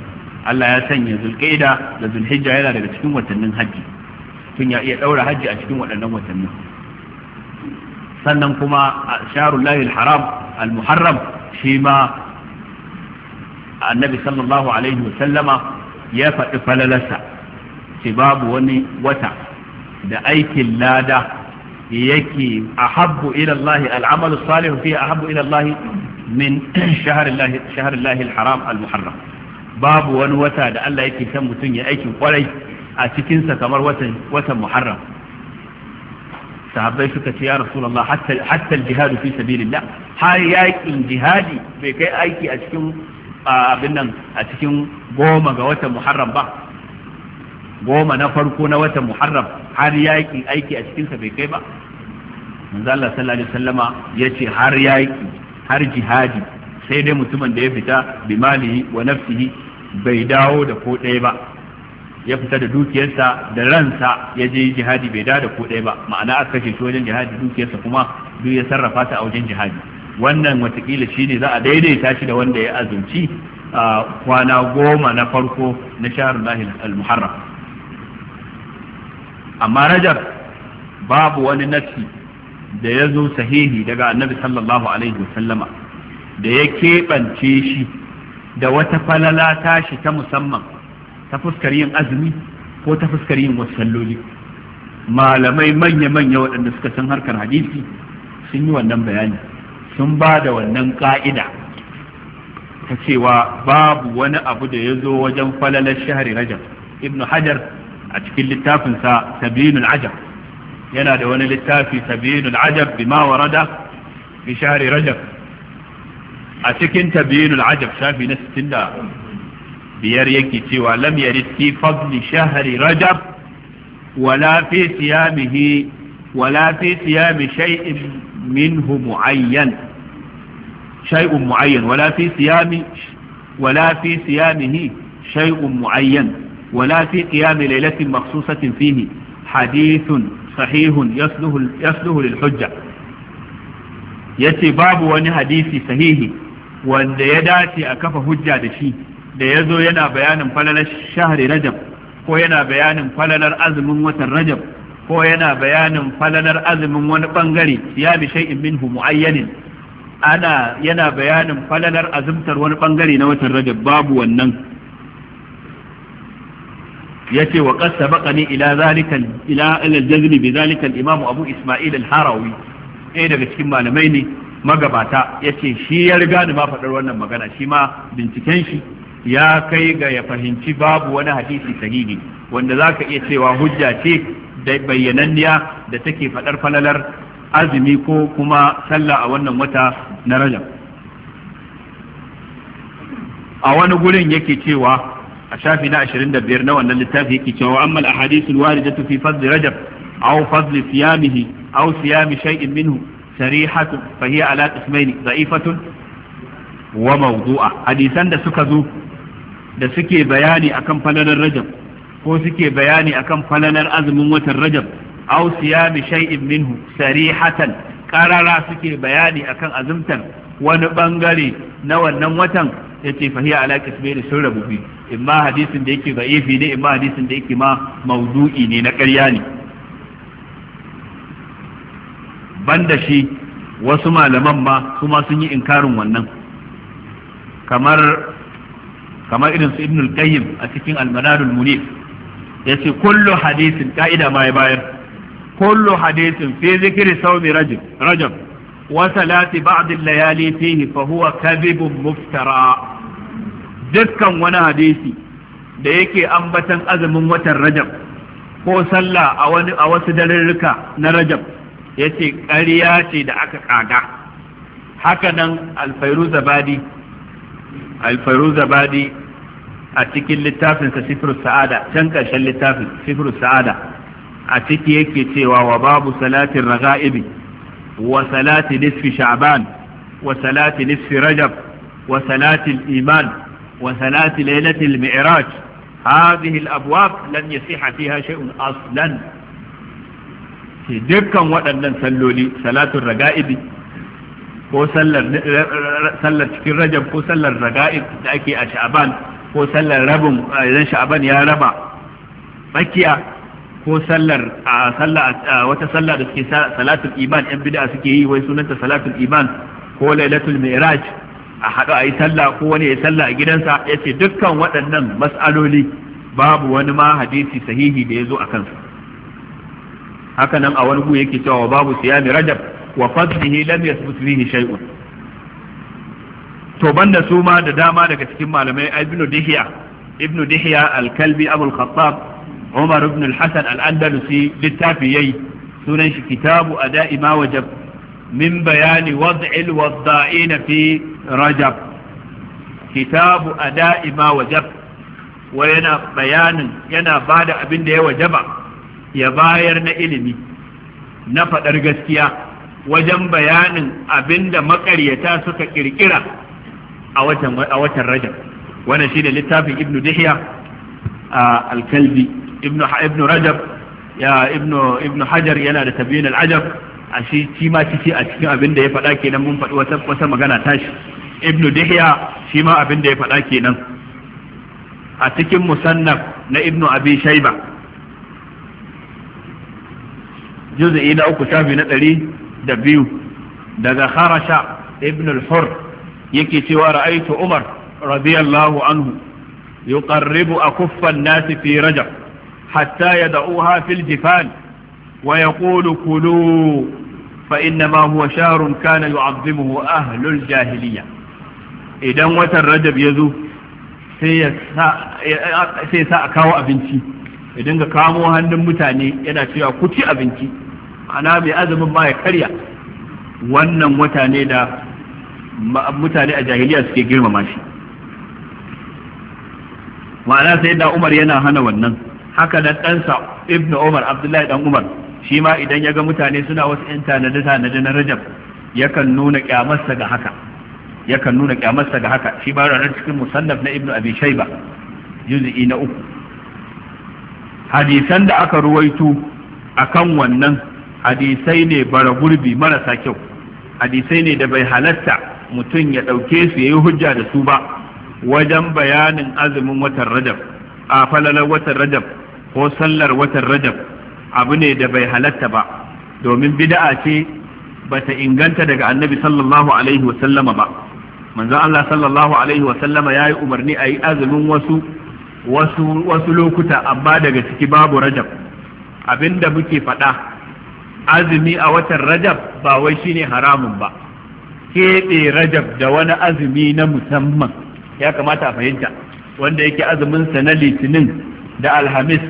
Allah ya sanya zulqaida da zulhijja yana daga cikin watannin hajji tun ya iya daura hajji a cikin waɗannan watanni sannan kuma sharul lahi haram al-muharram shi ma annabi sallallahu alaihi wa sallama ya faɗi falalarsa ce babu wani wata da aikin lada yake ahabbu ila Allah al'amal salih fi ahabbu ila Allah min shahr Allah shahr Allah al-haram al-muharram babu wani wata da Allah yake san mutum ya aikin kwarai a cikin sa kamar watan watan muharram sahabbai suka ce ya rasulullah hatta hatta al-jihad fi sabilillah har yakin jihadi bai kai aiki a cikin abin nan a cikin goma ga watan muharram ba goma na farko na watan muharram har yaƙi aiki a cikinsa bai kai ba manzo Allah sallallahu alaihi wasallama yace har yaƙi har jihadi sai dai mutumin da ya fita bi malihi wa nafsihi bai dawo da ko ɗaya ba ya fita da dukiyarsa da ransa ya je jihadi bai dawo da ko ɗaya ba ma'ana aka kashe shi wajen jihadi dukiyarsa kuma duk ya sarrafa ta a wajen jihadi wannan watakila ne za a daidaita shi da wanda ya azumci ah, kwana goma na farko na shahrul al-muharram amma rajar babu wani nafsi da ya zo sahihi daga annabi sallallahu alaihi wasallama da ya keɓance shi da wata falala tashi ta musamman ta fuskar yin azumi ko ta fuskar yin wasu salloli malamai manya-manya waɗanda suka san harkar hadisi sun yi wannan bayani sun ba da wannan ƙa'ida ta cewa babu wani abu da ya zo wajen falalar shahari rajab ibnu hajar a cikin littafinsa sabinul ajab yana da wani littafi sabinul ajab bi ma warada bi shahri rajab a cikin tabinul ajab shafi na 60 biyar yake cewa lam yarid fi fadli shahri rajab wala fi siyamihi wala fi siyami shay'in minhu muayyan shay'un muayyan wala fi siyami wala fi siyamihi shay'un muayyan wala fi qiyami lailatin makhsusatin fihi hadithun sahihun yasluhu yasluhu lil hujja yace babu wani hadisi sahihi wanda ya dace a kafa hujja da shi da ya zo yana bayanin falalar shahri rajab ko yana bayanin falalar azumin watan rajab ko yana bayanin falalar azumin wani bangare ya bi shay'in minhu muayyanin ana yana bayanin falalar azumtar wani bangare na watan rajab babu wannan yace wa qad sabaqani ila zalika ila al-jazm bi zalika al-imam Abu Isma'il al-Harawi ɗaya daga cikin malamai ne magabata yace shi ya riga ni ma faɗar wannan magana shi ma binciken shi ya kai ga ya fahimci babu wani hadisi sahihi wanda zaka iya cewa hujja ce da bayyananniya da take faɗar falalar azumi ko kuma sallah a wannan wata na Rajab a wani gurin yake cewa a shafi na 25 na wannan littafi yake cewa amma al-ahadith al-waridatu fi fadl rajab aw fadl siyamihi aw siyami shay'in minhu sarihatu fa hiya ala qismayn dha'ifatun wa mawdu'a hadisan da suka zo da suke bayani akan falalar rajab ko suke bayani akan falalar azumin watan rajab aw siyami shay'in minhu sarihatan karara suke bayani akan azumtar wani bangare na wannan watan ce fa hiya ala da sun rabu in imma hadisin da yake da'ifi ne in imma hadisin da yake ma mawdu'i ne na ƙarya ne banda shi wasu malaman ma su ma sun yi inkarin wannan kamar kamar irin su ibnul qayyim a cikin al-manarul Ya ce kullu hadisin ka'ida ma ya bayar كل حديث في ذكر صوم رجب رجب وثلاث بعض الليالي فيه فهو كذب مفترى dukkan wani hadisi da yake ambatan azumin watan rajab ko sallah a wani a wasu darurruka na rajab ce ƙarya ce da aka kaga haka nan alfairu zabadi a cikin littafinsa sifir sa'ada can ƙarshen littafin sifir sa'ada a ciki yake cewa wa babu salatin raga'ibi wa salati nisfi sha'ban wa salati nisfi rajab wa salatin iman وثلاث ليلة المعراج هذه الأبواب لن يصح فيها شيء أصلا في دكا وأن صلوا لي صلاة الرقائب ko sallar cikin rajab ko sallar raga'ib da ake a sha'aban ko sallar rabin idan sha'aban ya raba tsakiya ko sallar wata sallar da suke salatul iman yan bid'a suke yi wai sunanta salatul iman ko lailatul mi'raj a haɗu a yi sallah ko wani ya yi sallah a gidansa ya ce dukkan waɗannan mas'aloli babu wani ma hadisi sahihi da ya zo a kansa. haka nan a wani gu yake cewa babu siyami rajab wa fadlihi lam yathbut fihi shay'un to banda su ma da dama daga cikin malamai ibnu ibnu dihiya al-kalbi khattab umar ibn al-hasan al-andalusi littafi yayi sunan shi kitabu a ma wajab min bayani wad'il wadda'ina fi rajab kitabu a ma wajab wa yana bayanin yana bada abin ya wajaba ya bayar na ilimi na fadar gaskiya wajen bayanin abinda da makaryata suka kirkira a watan a watan rajab wannan shine littafin ibnu dihya al-kalbi ibnu rajab ya ibnu hajar yana da tabyin al a shi shi ma ciki a cikin abin da ya faɗa kenan mun faɗi wata wata magana tashi Ibn dihya shi ma abin da ya faɗa kenan a cikin musannaf na Ibn abi shaiba juz'i na uku shafi na ɗari da biyu daga harasha ibn al-hur yake cewa ra'aytu umar radiyallahu anhu yuqarribu akuffan nasi fi rajab hatta yad'uha fil jifan ويقول كلوا فإنما هو شهر كان يعظمه أهل الجاهلية إذا وتر رجب يزو sai sa a kawo abinci idan ka kamo hannun mutane yana cewa ku ci abinci ana mai azumin ma ya karya wannan wata ne da mutane a jahiliya suke girmama shi ma'ana sai da umar yana hana wannan haka nan ɗansa ibn umar abdullahi dan umar shi ma idan ya ga mutane suna wasu yan tanade tanade na rajab yakan nuna kyamarsa ga haka yakan nuna kyamarsa ga haka shi ba ranar cikin musannaf na ibnu abi shaiba juz'i na uku hadisan da aka ruwaito akan wannan hadisai ne bara gurbi marasa kyau hadisai ne da bai halatta mutum ya ɗauke su ya yi hujja da su ba wajen bayanin azumin watan rajab a falalar watan rajab ko sallar watan rajab abu ne da bai halatta ba domin bida'a ce bata inganta daga annabi sallallahu alaihi wasallama ba manzon Allah sallallahu alaihi wasallama yayi umarni a yi azumin wasu wasu wasu lokuta amma daga ciki babu rajab abinda muke faɗa azumi a watan rajab ba wai shine haramun ba keɓe rajab da wani azumi na musamman ya kamata a fahimta wanda yake azuminsa na litinin da alhamis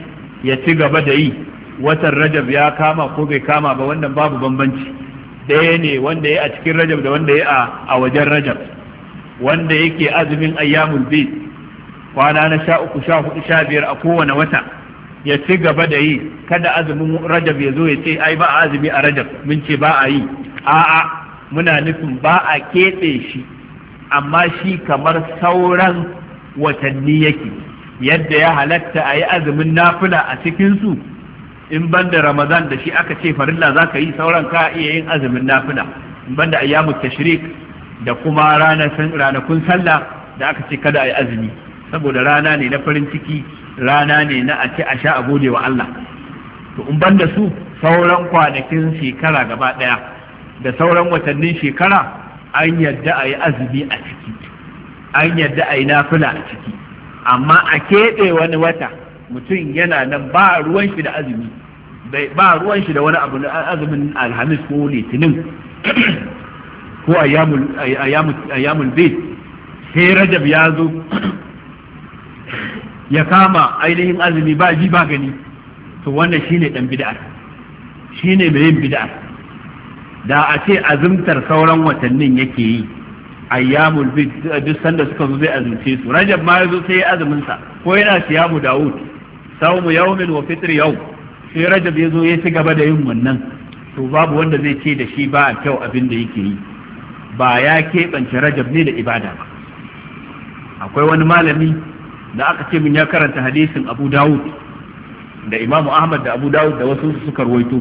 ya ci gaba da yi watan rajab ya kama ko bai kama ba wannan babu bambanci Daya ne wanda ya a cikin rajab da wanda ya a wajen rajab wanda yake azumin ayyamul bid kwana na sha uku sha hudu sha biyar a kowane wata ya ci gaba da yi kada azumin rajab ya zo ya ce ai ba a azumi a rajab mun ce ba a yi a'a muna nufin ba a keɓe shi amma shi kamar sauran watanni yake yadda ya halatta a yi azumin nafila a cikinsu in ban da ramadan da shi aka ce farilla za ka yi sauran ka iya yin azumin nafila in ban da ayyamu tashrik da kuma ranakun sallah da aka ce kada a azumi saboda rana ne na farin ciki rana ne na a ce a sha a gode wa Allah to in ban da su sauran kwanakin shekara gaba ɗaya da sauran watannin shekara an yadda a azumi a ciki an yadda a yi nafila a ciki amma a keɓe wani wata mutum yana nan ba ruwan shi da azumi ba ruwan shi da wani abu na azumin alhamis ko litinin ko ayyamul bayt sai rajab ya zo ya kama ainihin azumi ba ji ba gani to wannan shine dan bid'ar shine mai yin bid'ar da a ce azumtar sauran watannin yake yi ayyamul bayt duk sanda suka zo zai azumce su rajab ma ya zo sai azumin sa ko yana siyamu daud sawmu yawmin wa fitr yawm sai rajab yazo ya ci gaba da yin wannan to babu wanda zai ce da shi ba a kyau abin da yake yi ba ya keɓance rajab ne da ibada ba akwai wani malami da aka ce min ya karanta hadisin abu dawud da imamu ahmad da abu dawud da wasu suka ruwaito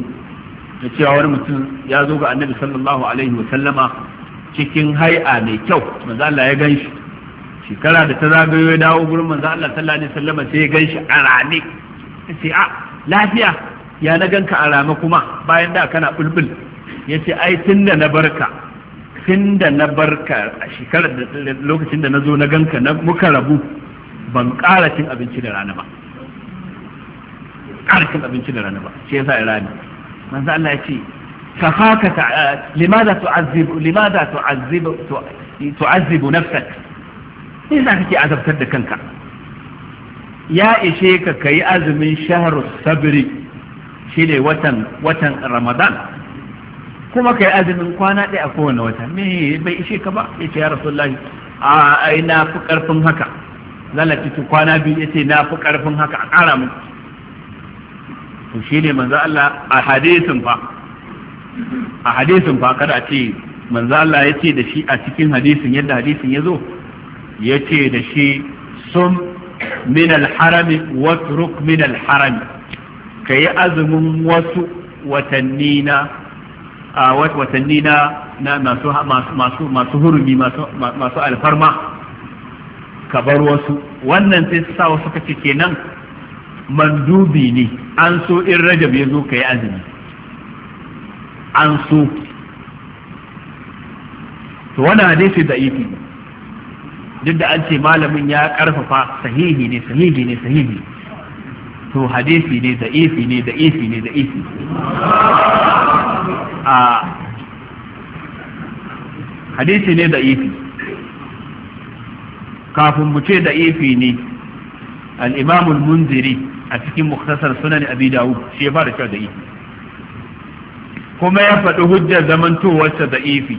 da cewa wani mutum ya zo ga annabi sallallahu alaihi sallama cikin hai'a mai kyau manzo Allah ya gan shi shekara da ta zagayo ya dawo gurin manzo Allah sallallahu alaihi wasallam sai ya ganshi a rane sai a ah, lafiya ya na ganka a rame kuma bayan da kana bulbul yace ai tunda na barka tunda na barka a shekarar da lokacin da nazo na ganka na muka rabu ban ƙara cin abinci da rana ba ƙara cin abinci da rana ba shi yasa ya rani manzo Allah ya ce kafaka limada tu'azzibu limada tu'azzibu tu'azzibu nafsaka sai za kake azabtar da kanka ya ishe ka kai azumin shahar sabri shine watan watan ramadan kuma kai azumin kwana ɗaya a kowane wata me bai ishe ka ba ya ce ya rasulullahi a na fi karfin haka lalace kwana biyu ya ce na fi karfin haka a ƙara mu to shine manzo Allah a hadisin fa a hadisin fa kada a ce manzo Allah ya ce da shi a cikin hadisin yadda hadisin ya zo yace da shi sum min al'harami, harami watruk min al-harami kayi azumin wasu watanni na a watanni na masu masu masu hurumi masu alfarma ka bar wasu wannan sai sa wasu kace kenan mandubi ne an so in rajab ya zo ka yi azumi an so to wani hadisi da ifi duk da an ce malamin ya karfafa sahihi ne sahihi ne sahihi to hadisi ne da ifi ne da ifi ne da ifi a hadisi ne da ifi kafin mu ce da ifi ne al-imam al-munziri a cikin muktasar sunan abi dawud shi ya fara cewa da ifi kuma ya faɗi hujjar zamantowarsa da ifi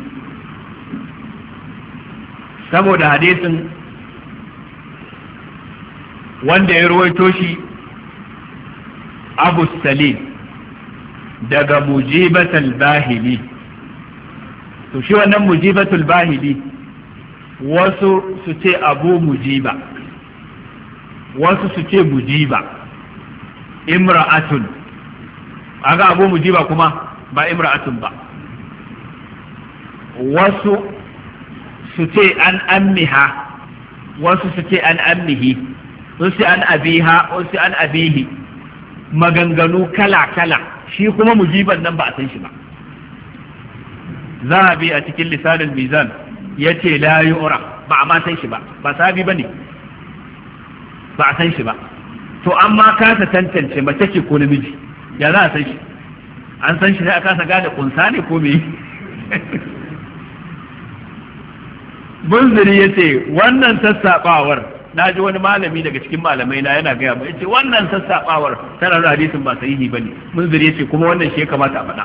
saboda hadisin wanda ya ruwaito shi abu salim daga mujibatul bahili to shi wannan mujibatul bahili wasu su ce abu mujiba wasu su ce mujiba imra'atun aga abu mujiba kuma ba imra'atun ba
wasu
su ce an ammiha wasu su ce an ammihi wasu an abiha wasu an abihi maganganu kala-kala shi kuma mujiban nan ba a san shi ba zahabi a cikin lisanin mizan ya ce la yu'ra ba a ma san shi ba ba sabi ba ne ba a san shi ba to amma kasa tantance mace ce ko namiji ya za a san shi an san shi sai a kasa gane kunsa ne ko me munziri ya ce wannan sassaɓawar na ji wani malami daga cikin malamai na yana gaya mai ce wannan sassaɓawar tana da hadisin ba sahihi ba ne munziri ya ce kuma wannan shi ya kamata a faɗa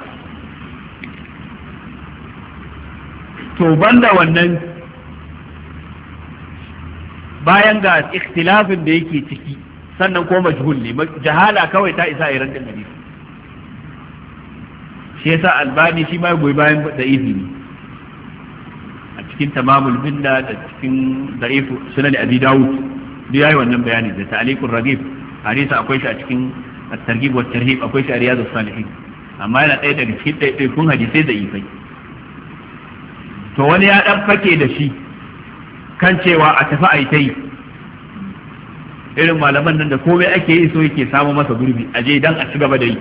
to banda wannan bayan ga ikhtilafin da yake ciki sannan ko majhul ne jahala kawai ta isa irin da hadisi shi yasa albani shi ma goyi bayan da izini cikin tamamul billa da cikin da'ifu sunan abi dawud duk yayi wannan bayani da ta'liqur ragib hadisi akwai shi a cikin at-targhib wa tarhib akwai shi a riyadus salihin amma yana ɗaya daga cikin kun hadisai da ifai to wani ya ɗan fake da shi kan cewa a tafi a yi ta yi irin malaman nan da komai ake yi so yake samu masa gurbi a je dan a ci gaba da yi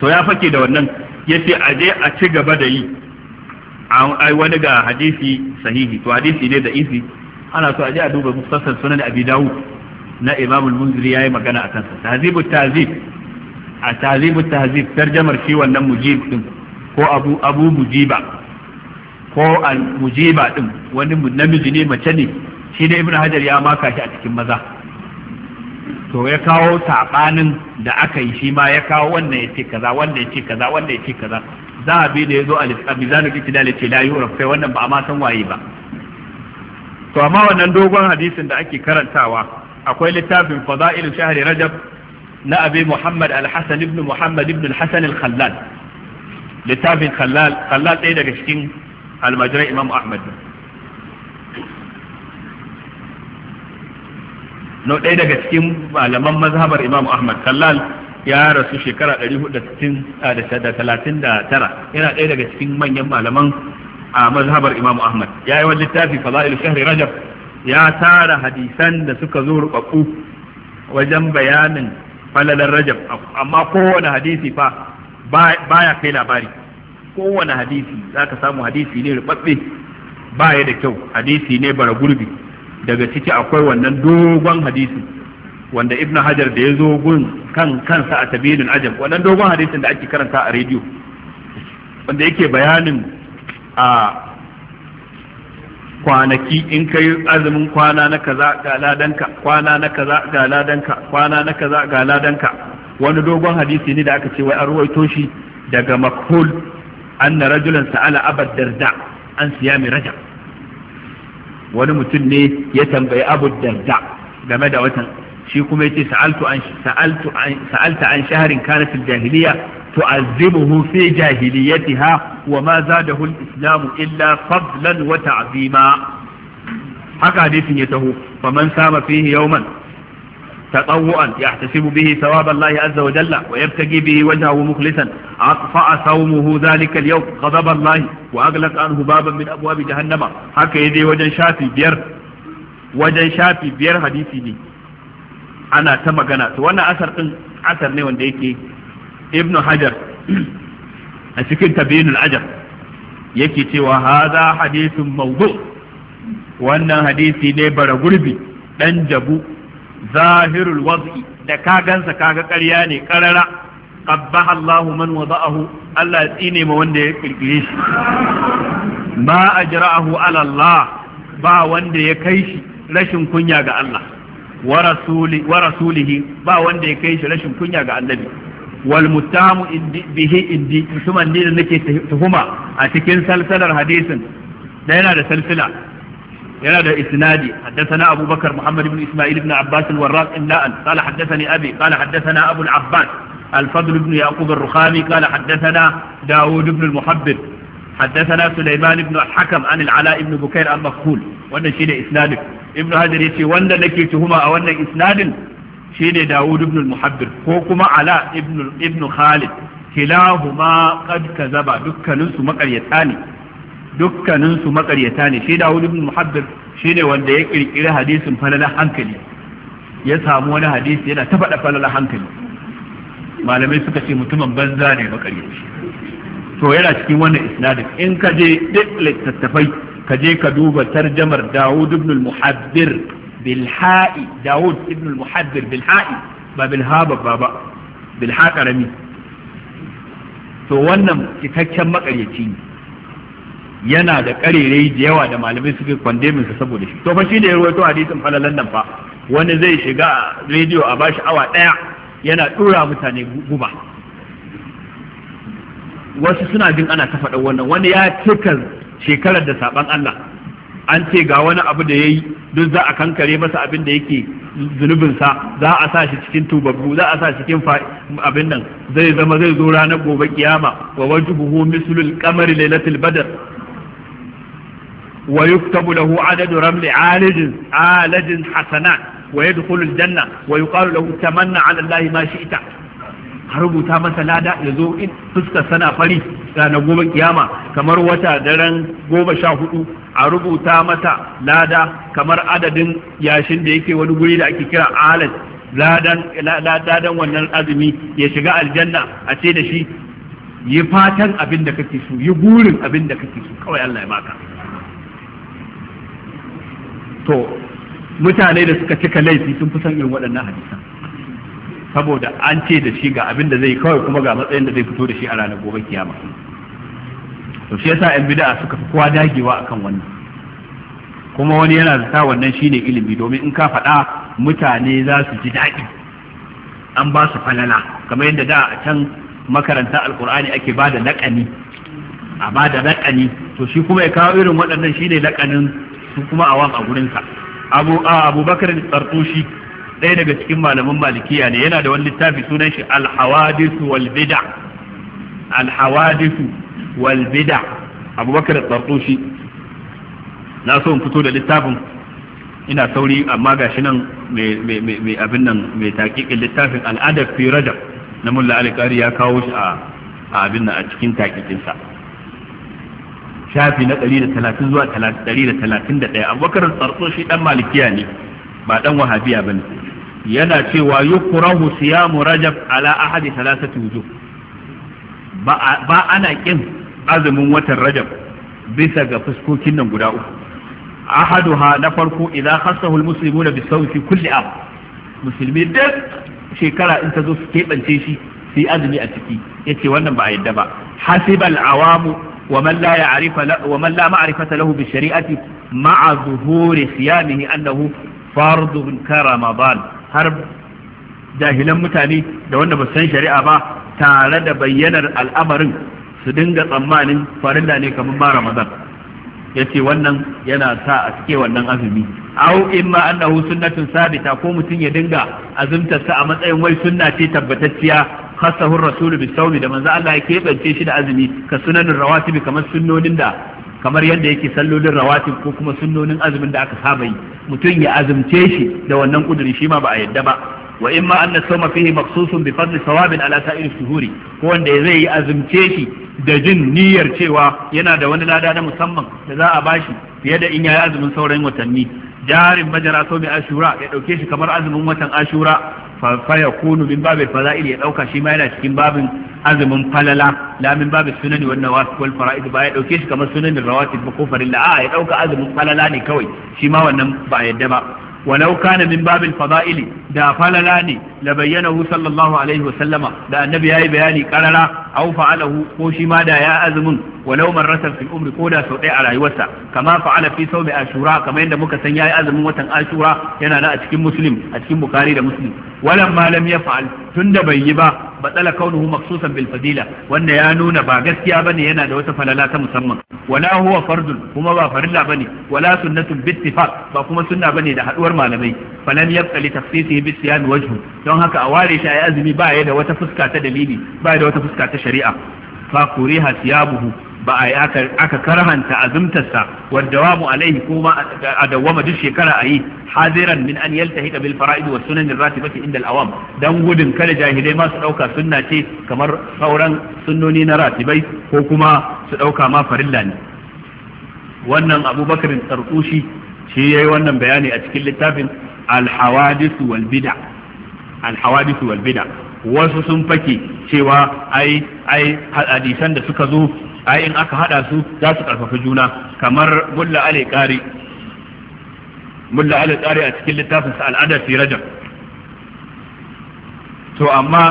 to ya fake da wannan ya ce a je a ci gaba da yi ai wani ga hadisi sahihi to hadisi ne da isi ana so a je a duba mustasar sunan abi dawud na imam al-munziri yayi magana akan sa tahzibu tahzib a tahzibu tahzib tarjamar shi wannan mujib din ko abu abu mujiba ko al mujiba din wani namiji ne mace ne shi ne ibnu hajar ya maka shi a cikin maza to ya kawo sabanin da aka yi shi ma ya kawo wannan ya ce kaza wannan ya ce kaza wannan ya ce kaza zahabi da ya zo a mizanul itidal ce la yuraf kai wannan ba a ma san waye ba to amma wannan dogon hadisin da ake karantawa akwai littafin fada'ilu shahri rajab na abi muhammad al-hasan ibn muhammad ibn al-hasan al-khallal littafin khallal khallal ɗaya daga cikin almajirai imam ahmad no ɗaya daga cikin malaman mazhabar imam ahmad khallal ya rasu shekara 439 ah, yana ɗaya daga cikin manyan malaman a ah, mazhabar Imam Ahmad ya yi wani littafi fada'il shahri Rajab ya tara hadisan da suka zo rubabbu wajen bayanin falalar Rajab amma kowane hadisi fa baya kai labari kowane hadisi ka samu hadisi ne rubabbe baya da kyau hadisi ne bara gurbi daga ciki akwai wannan dogon hadisi wanda ibn hajar da ya zo gun kan kansa a tabirin ajab wannan dogon hadisin da ake karanta a rediyo wanda yake bayanin a kwanaki in ka yi azumin kwana na kaza ga ladanka kwana na kaza ga ladanka kwana na kaza ga ladanka wani dogon hadisi ne da aka ce wai an ruwaito shi daga makhul anna rajulan sa'ala abad darda an siyami rajab wani mutum ne ya tambayi abu darda game da watan shi kuma yace sa'altu an sa'altu an sa'alta an shahrin kanat al-jahiliya tu'azzibuhu fi jahiliyatiha wa ma zadahu al-islam illa fadlan wa ta'zima haka hadisin ya taho faman sama fihi yawman تطوعا يحتسب به ثواب الله عز وجل ويبتغي به وجهه مخلصا أقفأ صومه ذلك اليوم غضب الله وأغلق عنه بابا من أبواب جهنم haka يدي وجن شافي بير وجن شافي بير حديثي دي ana ta magana to wannan asar din asar ne wanda yake ibnu hajar a cikin tabinul ajar yake cewa hadha hadithun mawdu wannan hadisi ne bara gurbi dan jabu zahirul waz'i da ka gansa kaga ƙarya ne ƙarara qabbaha Allahu man wada'ahu Allah ya tsine ma wanda ya kirkire shi ba ajra'ahu ala Allah ba wanda ya kai shi rashin kunya ga Allah wa rasulihi ba wanda ya kai shi rashin kunya ga annabi wal mutamu bihi indi mutumin ne da nake tuhuma a cikin salsalar hadisin da yana da salsila yana da isnadi haddathana abubakar muhammad ibn isma'il ibn abbas al-warraq illa'an qala haddathani abi qala haddathana abu al-abbas الفضل بن يعقوب الرخامي قال حدثنا داود بن المحبب حدثنا سليمان بن الحكم عن العلاء بن بكير عن مقبول wannan shine isnadin ibnu hajar yace wanda nake tuhuma a wannan isnadin shine daud ibn al-muhabbir ko kuma ala ibn ibn khalid kilahuma qad kazaba dukkanin su makaryata ne dukkanin su shi daud ibn muhabbir shine wanda ya kirkiri hadisin falalan hankali ya samu wani hadisi yana ta faɗa falalan hankali malamai suka ce mutumin banza ne makaryaci to yana cikin wannan isnadin in ka je duk littattafai ka je ka duba tarjamar Dawud ibn al muhaddir bil ha'i Dawud ibn al bil ha'i ba bil babba ba bil ha to wannan cikakken makaryaci ne yana da karerai da yawa da malamai suke kwandemin sa saboda shi to fa shi da ya rawaito hadisin falalan nan fa wani zai shiga rediyo a bashi awa daya yana dura mutane guba wasu suna jin ana ta faɗa wannan wani ya cika shekarar da saban Allah an ce ga wani abu da yayi duk za a kankare masa abin da yake zunubinsa za a sa shi cikin tubabbu za a sa shi cikin abin nan zai zama zai zo ranar gobe kiyama wa wajhuhu mislul qamari lailatul badr wa yuktabu lahu adadu ramli Alijin aladin hasanat wa yadkhulu aljanna wa yuqalu lahu tamanna ala allahi ma shi'ta a rubuta masa lada ya zo in fuskar sana fari ranar goma kiyama kamar wata daren goma sha hudu a rubuta masa lada kamar adadin yashin da yake wani guri da ake kira alat ladan wannan azumi ya shiga aljanna a ce da shi yi fatan abin da kake so yi burin abin da kake so kawai Allah ya maka to mutane da suka cika laifi sun fi son irin waɗannan hadisan saboda an ce da shi ga abin da zai kawai kuma ga matsayin da zai fito da shi a ranar gobe kiyama to shi yasa yan bid'a suka fi kowa dagewa akan wannan kuma wani yana zata wannan shine ilimi domin in ka faɗa mutane za su ji daɗi an ba su falala kamar yadda da a can makaranta alkur'ani ake ba da laƙani a ba da laƙani to shi kuma ya kawo irin waɗannan shine laƙanin su kuma a wan a gurinsa abu abubakar tsartushi ɗaya daga cikin malaman malikiya ne yana da wani littafi sunan shi alhawadisu wal bid'a alhawadisu wal bid'a abubakar tsartushi na so in fito da littafin ina sauri amma gashi nan mai abin nan mai taƙiƙin littafin al'adar fi rajab na mulla alikari ya kawo shi a abin nan a cikin taƙiƙinsa shafi na 130 zuwa 131 abubakar tsartushi dan malikiya ne ba dan wahabiya bane yana cewa yukrahu siyamu rajab ala ahadi thalathati wujuh ba ana kin azumin watan rajab bisa ga fuskokin nan guda uku ahaduha na farko idan khassahu almuslimuna bi sawti kulli am musulmi duk shekara in ta zo su keɓance shi sai azumi a ciki yace wannan ba a yadda ba hasibal awamu wa man wa man la ma'rifata lahu bi shari'ati ma'a zuhuri siyamihi annahu farduhun ka ba har jahilan mutane da wanda ba san shari'a ba tare da bayyanar al'amarin su dinga tsammanin farilla ne kamar ma ramadan ya ce wannan yana sa a cike wannan azumi au in ma annahu sunnatun sabita ko mutum ya dinga azumtarsa a matsayin wai sunna ce tabbatacciya khassahu rasulu bi sawmi da manzo Allah ya kebance shi da azumi ka sunanin rawatib kamar sunnonin da kamar yadda yake sallolin rawatib ko kuma sunnonin azumin da aka saba yi mutum ya azumce shi da wannan kuduri shi ma ba a yadda ba wa imma anna sawma fihi maqsusun bi fadli sawabin ala sa'ir shuhuri ko wanda zai yi azumce shi da jin niyyar cewa yana da wani lada na musamman da za a bashi fiye da in yayi azumin sauran watanni jarin majara sau mai ashura ya dauke shi kamar azumin watan ashura fa kunu min babil fada'il ya dauka shi ma yana cikin babin azumin falala la min babil sunani wan nawafil wal fara'id ba ya dauke shi kamar sunanin rawatib ko farilla a ya dauka azumin falala ne kawai shi ma wannan ba yadda ba walau kana min babil fada'ili da falala ne la bayyanahu sallallahu alaihi wa sallama da annabi ya yi bayani karara aw fa'alahu ko shi ma da ya azumin walau marratan fil ko da sau ɗaya a rayuwarsa kama fa'ala fi sawmi ashura kamar yadda muka san yayi azumin watan ashura yana da a cikin muslim a cikin bukhari da muslim walan ma fa'al tun da bai yi ba batsala kaunuhu maksusan bil fadila wanda ya nuna ba gaskiya ba ne yana da wata falala ta musamman wala huwa fardun kuma ba farilla bane wala sunnatun bittifaq ba kuma sunna bane da haɗuwar malamai falan yabqa li takhsisihi bi siyam wajhu don haka a ware shi ayi azumi ba ya da wata fuska ta dalili ba ya da wata fuska ta shari'a fa kuriha buhu. ba a yi aka karhanta azumtarsa wa dawamu alaihi kuma a dawwama duk shekara a yi hadiran min an yaltahiqa bil fara'id wa sunan ratibati inda awam dan gudun kada jahilai ma su dauka sunna ce kamar sauran sunnoni na ratibai ko kuma su ɗauka ma farilla ne wannan abubakar tsarkushi shi yi wannan bayani a cikin littafin al wal bid'a wal bid'a wasu sun fake cewa ai ai hadisan da suka zo ai in aka hada su za su karfafa juna kamar mulla ali qari mulla ali qari a cikin littafin sa al'ada fi rajab to amma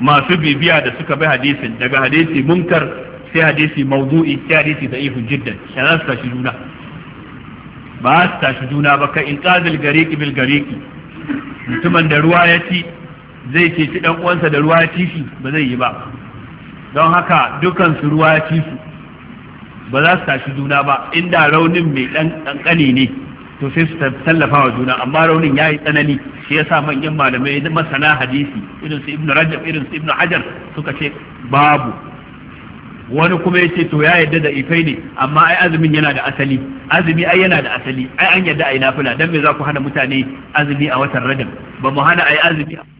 masu bibiya da suka bi hadisin daga hadisi munkar sai hadisi mawdu'i sai hadisi da'ifun jiddan za su tashi juna ba su tashi juna ba ka qadil gariqi bil gariqi mutumin da ruwa ya ci zai ce ci dan uwansa da ruwa ya ci shi ba zai yi ba don haka dukansu ruwa ya ci su ba za su tashi juna ba inda raunin mai ɗanƙani ne to sai su tallafa wa juna amma raunin ya yi tsanani shi ya yasa manyan malamai masana hadisi irin su ibnu rajab irin su ibnu hajar suka ce babu wani kuma ya ce to ya yadda da ifai ne amma ai azumin yana da asali azumi ai yana da asali ai an yadda ai nafila dan me za ku hana mutane azumi a watan rajab ba mu hana ai azumi a